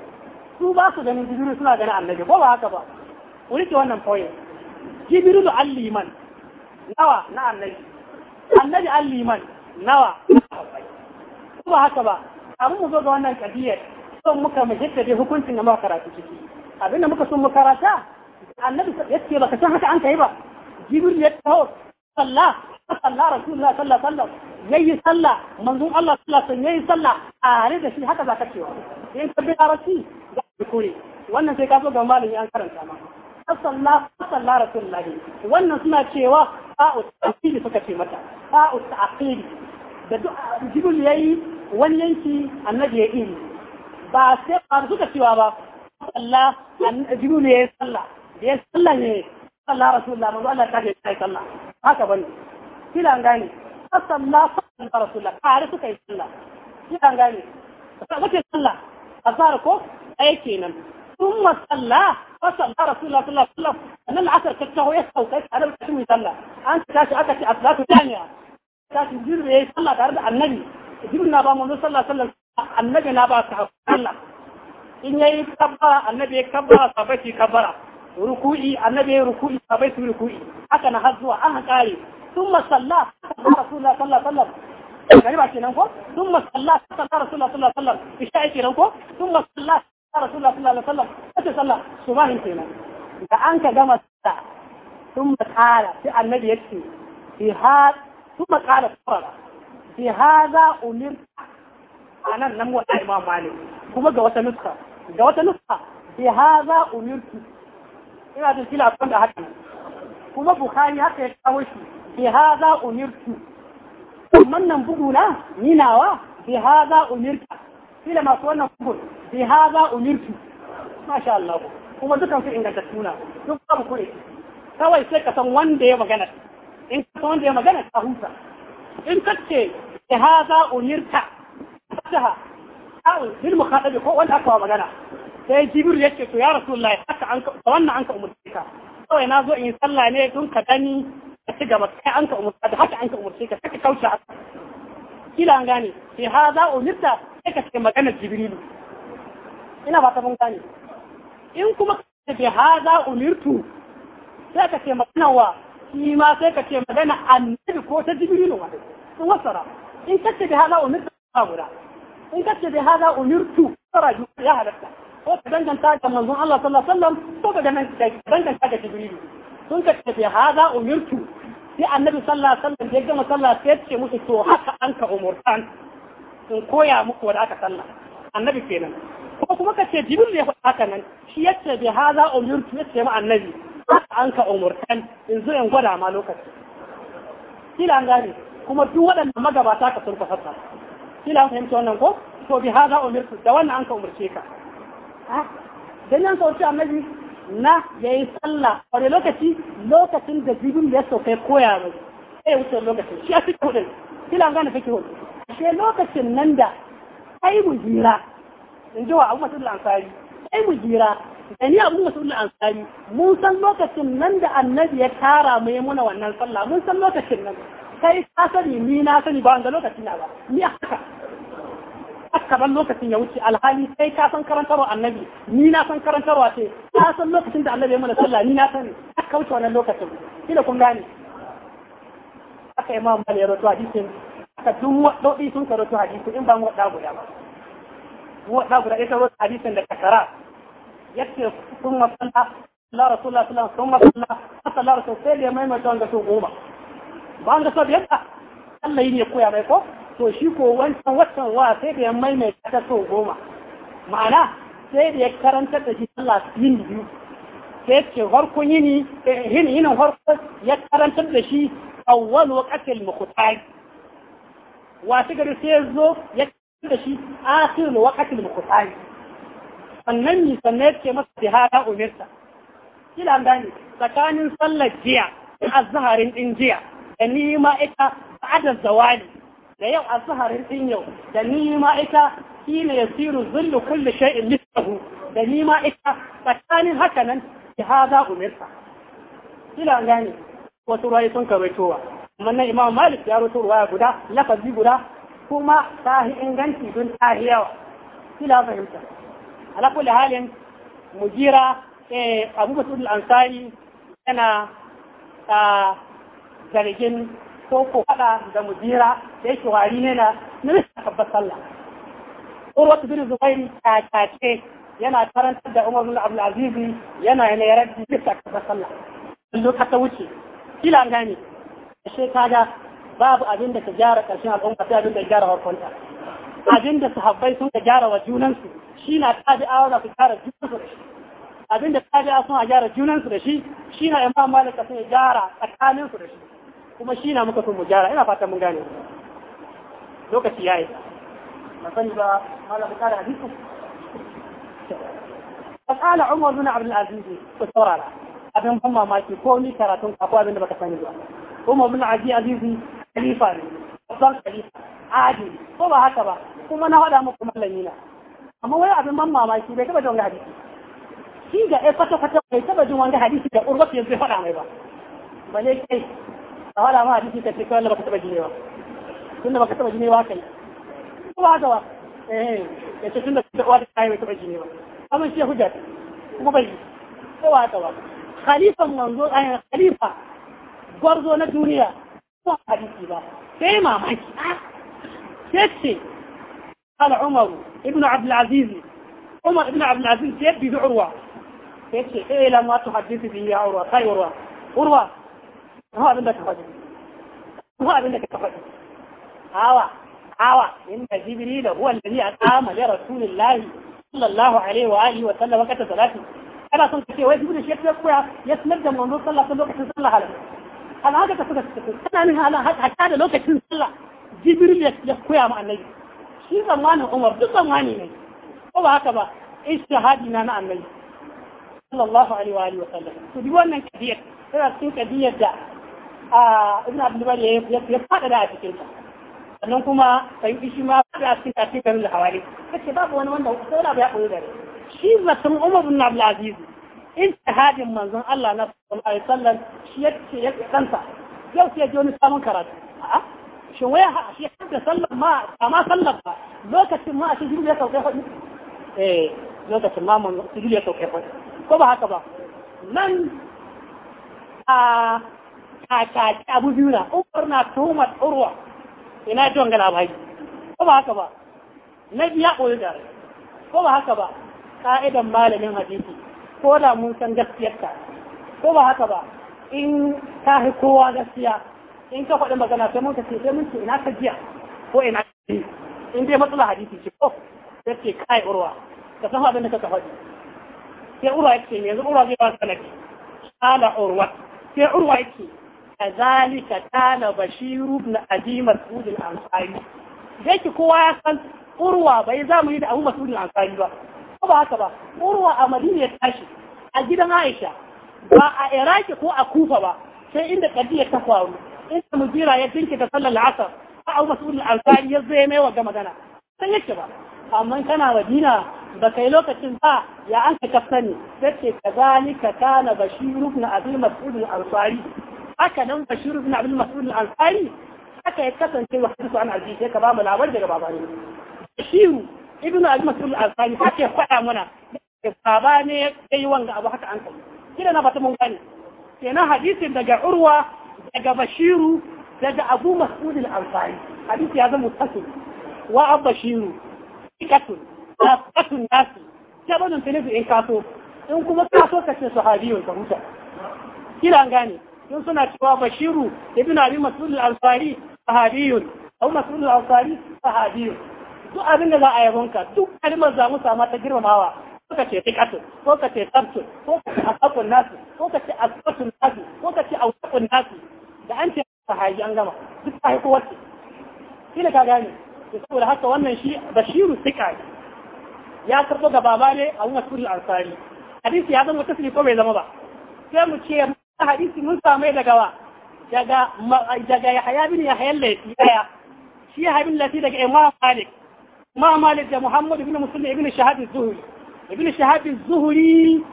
su ba su ganin jibiru suna ganin annabi ko ba haka ba wuri ke wannan point jibrilu alliman nawa na annabi annabi an liman nawa ko ba haka ba abin mu zo ga wannan kadiyar son muka mu majaddade hukuncin da muka karatu ciki abinda muka son mu karata annabi yace baka san haka an kai ba jibril ya taho sallah sallah rasulullah sallallahu alaihi wasallam yayi sallah manzon Allah sallallahu alaihi wasallam yayi sallah a tare da shi haka zaka cewa in ka bi arabi da kure wannan sai ka so ga malami an karanta ma asalla rasul lahi wannan suna cewa a ta'qili suka ce mata a ta'qili da jibril yi wani yanki annabi ya iri ba sai ba suka cewa ba sallah jibril yi salla da ya salla ne asalla rasul lahi manzo Allah ta ce sai salla haka bane kila gane sallah sallah rasulullah kare suka yi sallah kila gane kace sallah azhar ko ai kenan ثم صلى فصلى رسول الله صلى الله عليه وسلم أن العصر كتاه يسعو كيف أنا بتحمي يصلى أنت كاش عتك أصلاة ثانية كاش جبريل يصلى بعرض النبي جبريل نبى من صلى الله عليه وسلم النبي نبى صلى إن يكبر النبي يكبر صبيت يكبر ركوعي النبي ركوعي صبيت ركوعي أكن هزوا أهل قاري ثم صلى رسول الله صلى الله عليه وسلم gari ba kenan ko sun masalla sallar rasulullah sallallahu alaihi wasallam isha kenan ko sun rasulullah sallallahu alaihi wasallam kace sallah subahin kenan da an ka gama sallah ثم قال في النبي يكفي في هذا ثم قال فرلا في هذا أمرت أنا نمو الإمام مالك كما جوات نسخة جوات نسخة في هذا أمرت إن هذا الكلام أقول أحد كما بخاري حتى يتاوش في هذا أمرت من نبغونا نيناوا في هذا أمرت في لما سوانا بغونا bi haza umirtu masha Allah kuma dukan su inganta suna duk mu kure kawai sai ka san wanda ya magana in ka san wanda ya magana ka huta in ka ce bi haza umirta fataha ta'un lil mukhatabi ko wanda aka magana sai jibril yake to ya rasulullahi haka an wannan an ka umurce ka kawai na zo in sallah ne tun ka gani ka ci gaba kai an ka umurta da haka an ka umurce ka saka kauce kila an gane sai ha umirta sai ka ce magana jibrilu ina ba ta mun gane in kuma ka ce haza umirtu sai ka ce magana wa shi ma sai ka ce magana annabi ko ta jibrilu wa sun wasara in ka ce haza umirtu ba guda in ka ce haza umirtu sara ya halatta ko ka danganta ga manzon Allah sallallahu alaihi wasallam ko ka danganta ga ga jibrilu sun ka ce haza umirtu sai annabi sallallahu alaihi wasallam ya gama sallah sai ya ce musu to haka an ka umurtan sun koya muku wanda aka sallah annabi kenan ko kuma ka ce jibin ya faɗa haka nan shi yace bi haza umirtu yace ma annabi haka an ka umurtan in zo in gwada ma lokaci kila an gane kuma duk waɗannan magabata ka sun fasata kila an fahimci wannan ko to bi haza umurtu, da wannan an ka umurce ka dan an ka umurce annabi na yayi sallah wani lokaci lokacin da jibin ya sauka koya mai sai wuce lokacin shi a cikin hudun kila an gane fake hudun ashe lokacin nan da ai mu in ji wa abu masu ansari sai mu jira da ni abu masu ansari mun san lokacin nan da annabi ya tara mai muna wannan sallah mun san lokacin nan kai ka sani ni na sani ba wanda lokacin na ba ni haka haka ban lokacin ya wuce alhali kai ka san karantarwa annabi ni na san karantarwa ce ka san lokacin da annabi ya mana sallah ni na sani aka wuce wannan lokacin kina kun gane haka imam mali ya rawaito hadisin haka dun wadodi sun karoto hadisi in ba mu wadda guda ba موضع قد يتوى حديثا لكسرات يكتب ثم صلى لا رسول الله صلى الله ba koya to shi ko wancan wancan wa sai da ya maimaita ta sun goma ma'ana sai da ya karanta da shi Allah yin biyu sai ce harkun yini yin yinin harkun ya karanta da shi awwal waqtil mukhtar wa ta gari sai zo ya da shi akhirul waqtil muqtani sannan ni sanne ke masa da hada umarsa kila gane tsakanin sallar jiya da azharin din jiya da ni ma ita ba'da zawali da yau azharin din yau da ni ma ita kila yasiru zullu kulli shay'in mithluhu da ni ma ita tsakanin haka nan da hada umarsa kila gane wasu ruwaye sun kabaitowa amma nan imam malik ya ruwaito ruwaya guda lafazi guda kuma ta yi inganci don ta yi yawa kila fahimta ala kulli halin mujira eh abu masud al-ansari yana ta zargin ko ko da mujira da yake wari ne na nuna kabbar sallah urwatu bin zubair ta tace yana karantar da umar bin abdul aziz yana yana yarar bisa kabbar sallah lokacin wuce kila gane shi kaga babu abin da ka gyara ƙarshen al'umma sai abin da ya gyara harkonta abin da sahabbai sun ka gyara wa junansu shi na tabi'awa za su gyara junansu da shi abin da tabi'a sun a gyara junansu da shi shi na imam malik sun ya gyara tsakaninsu da shi kuma shi na muka sun mu gyara ina fatan mun gane lokaci ya yi na sani ba malam ka da hadisi فقال عمر بن عبد العزيز فصار له abin ban mamaki ko ni karatun akwai abin da baka sani ba Umar bin Abi Azizi khalifa ne babban khalifa adili ko ba haka ba kuma na hada muku mallami na amma wai abin ban mamaki bai taɓa jin wani hadisi shi ga ai kwata kwata bai taɓa jin wani hadisi da urwatu yanzu faɗa mai ba bale kai a hada ma hadisi ka ce kawai baka taɓa jinewa tunda baka taɓa jinewa kai ko ba haka ba eh ya ce tunda ka taɓa kai bai taɓa jinewa amma shi ya hujja kuma bai ko ba haka ba khalifan manzo eh, khalifa gwarzo na duniya ba hadisi ba sai mamaki yace قال عمر ابن عبد العزيز عمر ابن عبد العزيز يبي بعروة يبكي ايه لما تحدث به يا عروة خير عروة عروة هو منك حدث هو منك حدث هوا هوا إن جبريل هو الذي أقام لرسول الله صلى الله عليه وآله وسلم وقت صلاته أنا صلت كي ويجب أن يشكر يسمد من صلى الله عليه وسلم ala haka ka suka suka kana min hala hatta da lokacin sallah jibril ya koya ma annabi shi zamanin umar duk zamani ne ko ba haka ba ishtihadi na na annabi sallallahu alaihi wa alihi wa sallam to duk wannan kadiyar tana cikin kadiyar da ibn abdul bari ya fada da a cikin ta sannan kuma sai shi ma da a cikin tafsirin al-hawari kace babu wani wanda sai da ya koyo da shi zaton umar ibn abdul aziz intihadin manzon Allah na sallallahu alaihi wasallam shi yace ya kansa yau sai ji wani samun karatu a'a shin waya shi hadda sallar ma amma sallar ba lokacin ma a cikin ya sauke hudu eh lokacin ma manzon shi ya sauke hudu ko ba haka ba nan a kakaki abu biyu na umar na tuhumar urwa ina ji wangana ba ko ba haka ba na biya ɓoye gare ko ba haka ba ka'idan malamin hadisi ko da mun san gaskiyarta, ko ba haka ba in ta fi kowa gaskiya in ka faɗi magana sai mun ka ce sai mun ce ina ka jiya ko ina ka in dai matsala hadisi ce ko oh, sai ce kai urwa ka san abin da ka faɗi sai urwa yake yanzu urwa zai ba sanadi ala urwa sai urwa yake kazalika kana bashiru ibn adim al-ansari ki kowa ya san urwa bai zamu yi da abu masudin al-ansari ba ko ba haka ba urwa a madina ya tashi a gidan aisha ba a iraki ko a kufa ba sai inda kadiya ta faru inda mujira ya dinki ta sallar asar a au mas'ul al-ansari ya zai mai wa magana san yake ba amma kana madina ba kai lokacin ba ya an ka kafsani sai kazalika kana bashiru ibn abi mas'ud al-ansari haka nan bashiru ibn abi mas'ud al-ansari haka ya kasance wa hadisu an aziz ka ba mu labar daga babani bashiru ibnu al mas'ud al-ansari kake faɗa mana baba ne yi wanga abu haka an kai kida na fata mun Sai kenan hadisin daga urwa daga bashiru daga abu mas'ud al-ansari hadisi ya zama mutasil wa abashiru ikatun asatun nasi ne su in kaso in kuma kaso ka ce sahabiyun ka huta kila gane sun suna cewa bashiru ibnu al mas'ud al-ansari sahabiyun أو مسؤول الأنصاري صحابي duk abin da za a yabon ka duk kalmar za mu samu ta girmamawa ko ka ce tikatu ko ka ce sabtu ko ka ce asafun nasu ko ka ce asafun nasu ko ka ce awsaqun nasu da an ce sahayi an gama duk sai ko wace kina ka gane to saboda haka wannan shi bashiru sika ya karɓo ga baba ne a wannan suri ansari hadisi ya zama tasiri ko bai zama ba sai mu ce hadisi mun samu daga wa daga daga yahya bin yahya laifi daya shi yahya bin laifi daga imam malik ma malik da muhammad ibn muslim ibn zuhri ibn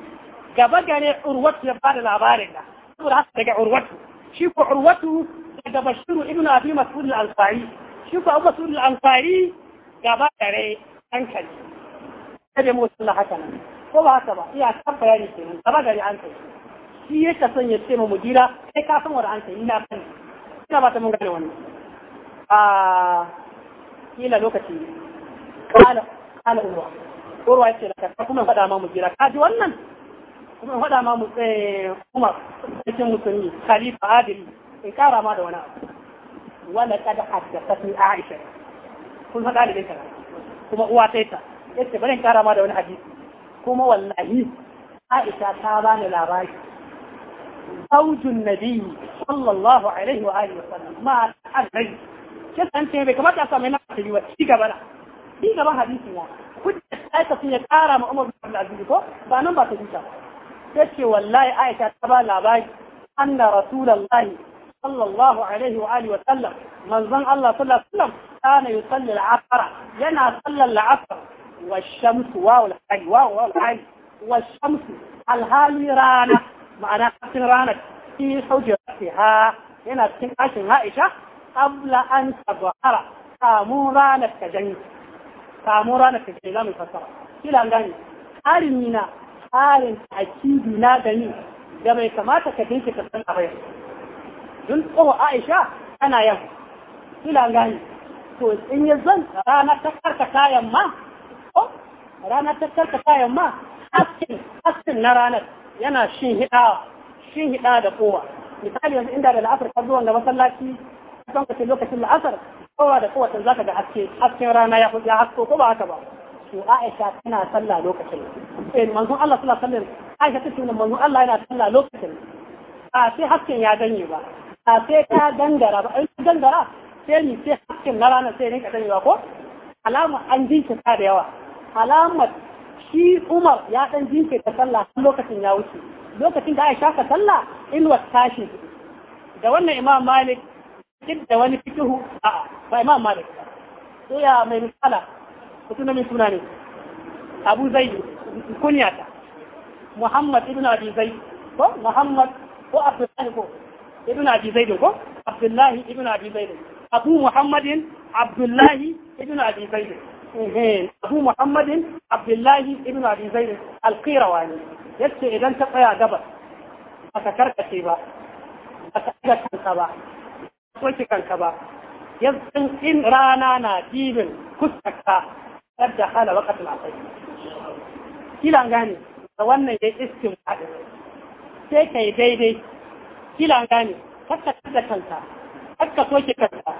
gaba gare urwatu ya bada labarin da saboda haka daga urwatu shi ko urwatu daga bashiru ibn abi mas'ud al-ansari shi ko abu mas'ud al-ansari gaba gare hankali haka nan ko ba haka ba iya kan bayani kenan gaba gare hankali shi ya ka ya ce wani hankali ina ba ta mun gane wannan a kila lokaci kala kala urwa urwa yace da ka kuma faɗa ma mu jira ka ji wannan kuma faɗa ma mu eh Umar cikin musulmi khalifa adili in kara ma da wani abu wala kad haddathatni Aisha kun faɗa da kanka kuma uwa ta ita yace bari in kara ma da wani hadisi kuma wallahi Aisha ta bani labari zaujin nabi sallallahu alaihi wa alihi wa sallam ma alai kisan ce bai kamata a samu yana da yiwa ci gaba ci gaban hadisin ya hujja aisha sun ya kara ma umar bin abdul ko ba nan ba ta hujja ba ce wallahi aisha ta ba labari anna rasulullahi sallallahu alaihi wa alihi wa sallam manzon Allah sallallahu alaihi wa sallam kana yusalli al-asr yana sallar al-asr والشمس واو الحي واو واو الحي والشمس الهالي رانا معنى قسم رانا في حجرتها yana قسم عشر عائشة قبل أن تظهر قاموا رانا كجنس samu ranar ka za mu fassara kila gani tsarin nina tsarin akidi na gani da bai kamata ka dinki ka san abai don tsoho Aisha ana yan kila gani to in ya zan rana ta karkata yamma ko rana ta karkata yamma haskin haskin na ranar yana shin hidawa, shin hidawa da kowa misali yanzu inda da la'asar ka zuwa da masallaci kan kace lokacin la'asar kowa da kowace zaka ga haske hasken rana ya ya hasko ko ba haka ba to Aisha tana sallah lokacin eh manzon Allah sallallahu alaihi wasallam Aisha tace ce manzon Allah yana sallah lokacin a sai hasken ya ganye ba a sai ka dangara ba in dangara sai ni sai hasken na rana sai rinka ba ko alama an jinkirta da yawa alamar shi Umar ya dan jinkirta sallah lokacin ya wuce lokacin da Aisha ka sallah in wata tashi da wannan Imam Malik duk da wani fikihu a ba imam malik to ya mai misala mutum na min suna ne abu zai kunya ta muhammad ibn abi zai ko muhammad ko abdullahi ko ibn abi zai ko abdullahi ibn abi zai abu muhammadin abdullahi ibn abi zai abu muhammadin abdullahi ibn abi zai alqirawani yace idan ta tsaya gabas baka karkace ba baka ga kanka ba soke kanka ba yanzu in rana na ɗibin kusurka kar da hala wakatul asai kila gane da wannan ya iskin faɗi sai ka yi daidai kila gane kakka da kanka kakka soke kanka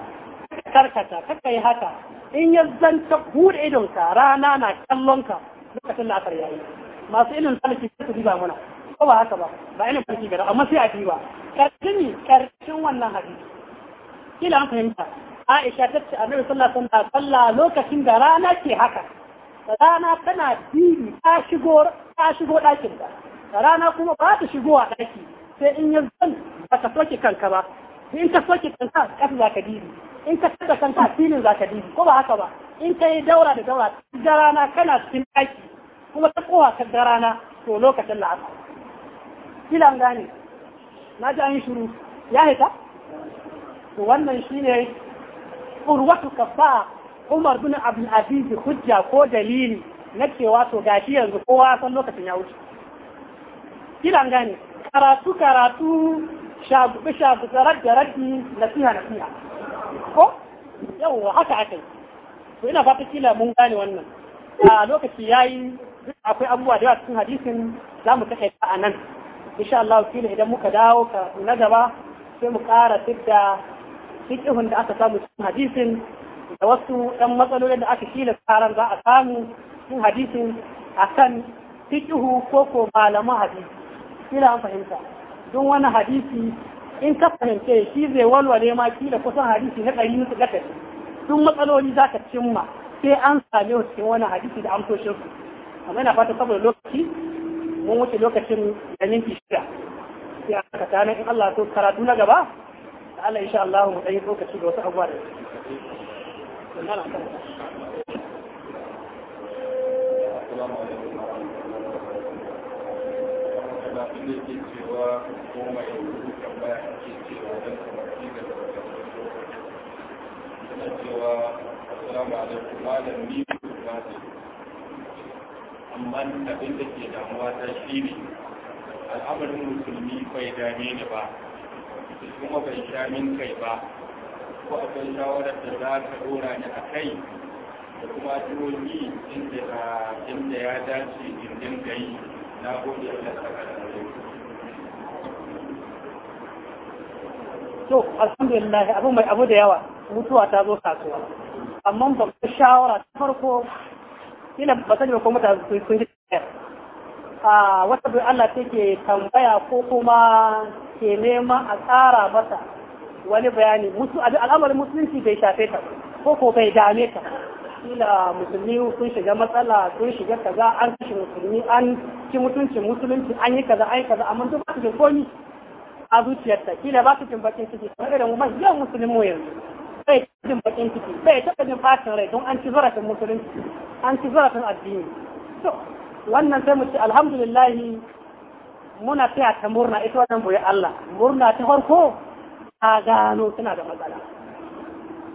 kakka karkata kakka yi haka in ya zanta buɗe idonka rana na kallonka lokacin da aka yayi masu ilin sai su riba mana, ko ba haka ba ba ilin salki gara amma sai a diba karshen karshen wannan hadisi kila an fahimta Aisha ta ce Annabi sallallahu alaihi wasallam sallah lokacin da rana ke haka rana tana bibi ta shigo ta shigo dakin da rana kuma ba ta shigo a ɗaki sai in ya zan ba ta soke kanka ba in ka soke kanka ƙasa za ka dibi in ka saka kanka filin za ka dibi ko ba haka ba in ka yi daura da daura da rana kana cikin daki kuma ta kowa ka da rana to lokacin la'asa kila an gane na ji an yi shiru ya hita to wannan shine urwatu kafa Umar bin Abdul Aziz hujja ko dalili na cewa to gashi yanzu kowa san lokacin ya wuce kiran gane karatu karatu shagube shagube na raggi nasiha nasiha ko yawwa haka aka yi to ina fata kila mun gane wannan a lokaci yayi akwai abubuwa da yawa cikin hadisin za mu takaita a nan insha Allah kila idan muka dawo ka na gaba sai mu ƙara fidda fiƙihun da aka samu cikin hadisin da wasu ɗan matsalolin da aka kila tsaron za a samu cikin hadisin akan fiqhu ko ko malaman hadisi kila an fahimta don wani hadisi in ka fahimce shi zai walwale ma kila kusan hadisi na ɗari musu ɗaka duk matsaloli za ka cimma sai an same su cikin wani hadisi da amsoshin su amma ina fata saboda lokaci mun wuce lokacin da minti shida sai aka tana in Allah so karatu na gaba Allah insha Allah mu dai lokaci da wasu abubuwa da amma abin da ke damuwa ta shi ne al'amarin musulmi bai dame ni ba kuma bai sha min kai ba ko akwai shawarar da za ka dora ni a kai da kuma addu'o'i inda ya dace gindin yi, na gode Allah saka da to alhamdulillah abu mai abu da yawa mutuwa ta zo kasuwa amma ku shawara ta farko ina ba sani ko mutane sun yi a ah, wata bai Allah take tambaya ko kuma ke nema a tsara masa wani bayani al'amarin musulunci bai shafe ta ko ko bai dame ta kila musulmi sun shiga matsala sun shiga kaza an kashe musulmi an ci mutuncin musulunci an yi kaza an yi kaza amma duk ba su da komi a zuciyarta kila ba su jin bakin ciki kamar irin mafi yawan musulmi yanzu bai jin bakin ciki bai taɓa jin fashin rai don an ci zarafin musulunci an ci zarafin addini to wannan sai mu ce alhamdulillahi muna taya ta murna ita wannan boye Allah murna ta farko ta gano tana da matsala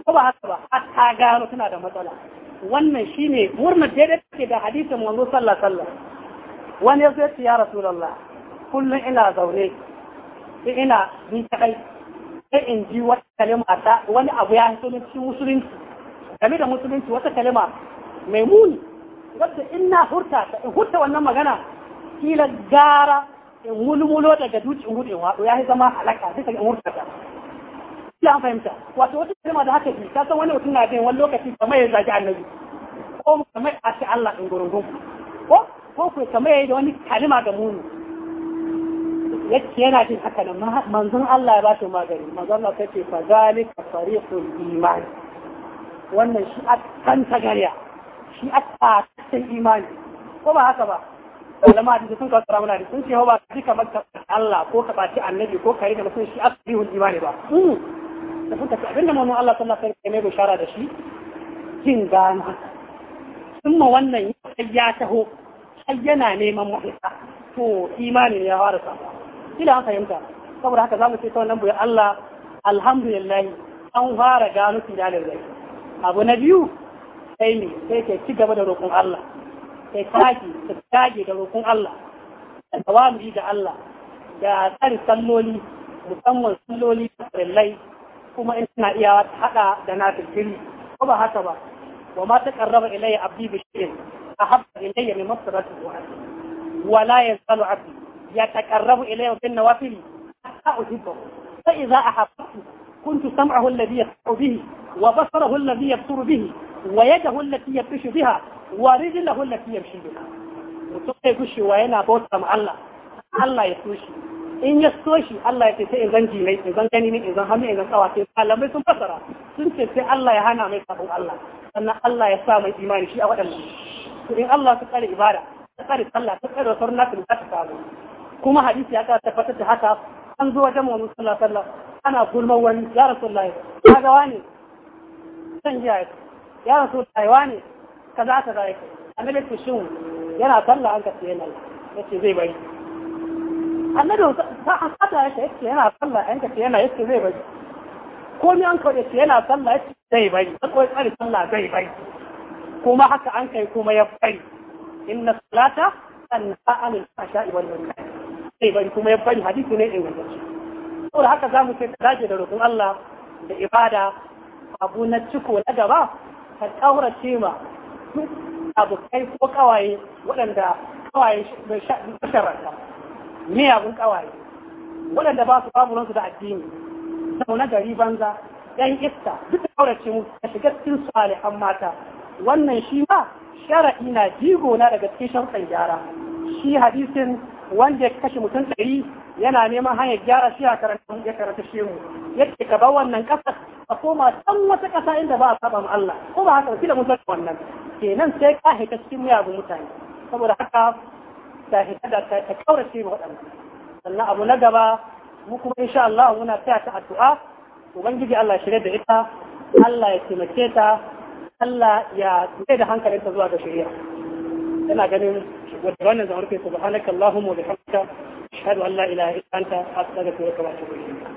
ko ba haka ba har ta gano tana da matsala wannan shine murna daidai take da hadisin manzo sallallahu alaihi wani yazo ya ce ya rasulullah kullun ina zaune ina ni kadai sai in ji wata kalima ta wani abu ya fito na cikin musulunci game da musulunci wata kalima mai muni wadda in na hurta ta in hurta wannan magana kila gara in mulmulo daga dutse gudun wato ya yi zama halaka duka in wurta ta ya an fahimta wato wata kalma da haka bi ta san wani mutum na bin wani lokaci kamar ya zagi annabi ko kamar a ce Allah in gurungun ko ko ku kamar ya yi da wani kalima ga muni yake yana jin haka nan manzon Allah ya ba shi magani manzon Allah sai ce fa zalika fariqul iman wannan shi a kan tagariya shi a kan imani ko ba haka ba ulama hadisi sun kawo mana sun ce ba kaji kamar ka Allah ko ka baci annabi ko kare da mutum shi asalihul imani ba hmm. da sun tafi abinda mamman Allah sallallahu alaihi wasallam ya bishara da shi jin dama ma wannan ya taho har yana neman mafita to imani ne ya fara sa. Ina an fahimta saboda haka zamu ce ta wannan buya Allah alhamdulillah an fara gano filalin rai abu na biyu sai ne sai ke ci gaba da roƙon Allah sai kage su kage da roƙon Allah da tawamuri da Allah da tsari salloli musamman salloli da farillai kuma in suna iya hada da na firfiri ko ba haka ba wa ma ta karraba ilayya abdi bi shirin a haɓa ilayya mai masarati wala ya zalo abdi ya ta karraba ilayya bin nawafili ta uhibba sai idza ahabbtu kuntu sam'ahu alladhi yasma'u bihi wa basarahu alladhi yabsuru bihi wa yadahu allati yabtishu biha wa rijlahu allati yamshi biha mutum sai gushewa yana bauta ma Allah Allah ya so shi in ya so shi Allah ya ce sai in zan ji in zan gani ne in zan hannu in zan tsawa sai malamai sun fasara sun ce sai Allah ya hana mai sabon Allah sannan Allah ya sa mai imani shi a waɗannan to in Allah ta tsare ibada ta tsare sallah ta tsare wasu nafil za ta samu kuma hadisi ya ta tabbatar da haka an zo wajen mu sallallahu alaihi ana gulman wani ya rasulullahi kaga wani san ya ya rasulullahi wani kaza kaza yake ku yana sallah an kace yana yace zai bari annabi yake yana an yana zai bari ko ni an yana zai bari tsari zai bari kuma haka an kai kuma ya bari inna salata tanha anil fahsha'i wal munkar zai bari kuma ya bari hadisi ne ingantacce saboda haka zamu ce ka dace da roƙon Allah da ibada abu na ciko na gaba ka ƙaurace ma wasu abokai ko kawaye waɗanda kawaye masharanta miyagun kawaye waɗanda ba su babu da addini sau na gari banza ɗan iska duk da kaurace mu da shiga cikin salihan mata wannan shi ma shara'i na jigo na daga cikin sharuɗan gyara shi hadisin wanda ya kashe mutum ɗari yana neman hanyar gyara shi a karanta ya karanta shi mu Yadda ka bar wannan ƙasa a koma can wata ƙasa inda ba a saba ma Allah ko ba haka kila mun san wannan kenan sai ka hita cikin miyagun mutane saboda haka ta hita da ta kaurace ma waɗanda sannan abu na gaba mu kuma insha Allah muna taya ta addu'a ubangiji Allah shirye da ita Allah ya taimake ta Allah ya mai da hankalinta zuwa ga shari'a ina ganin wadda wannan zama rufe subhanakallahumma wa bihamdika ashhadu an la ilaha illa anta astaghfiruka wa atubu ilayk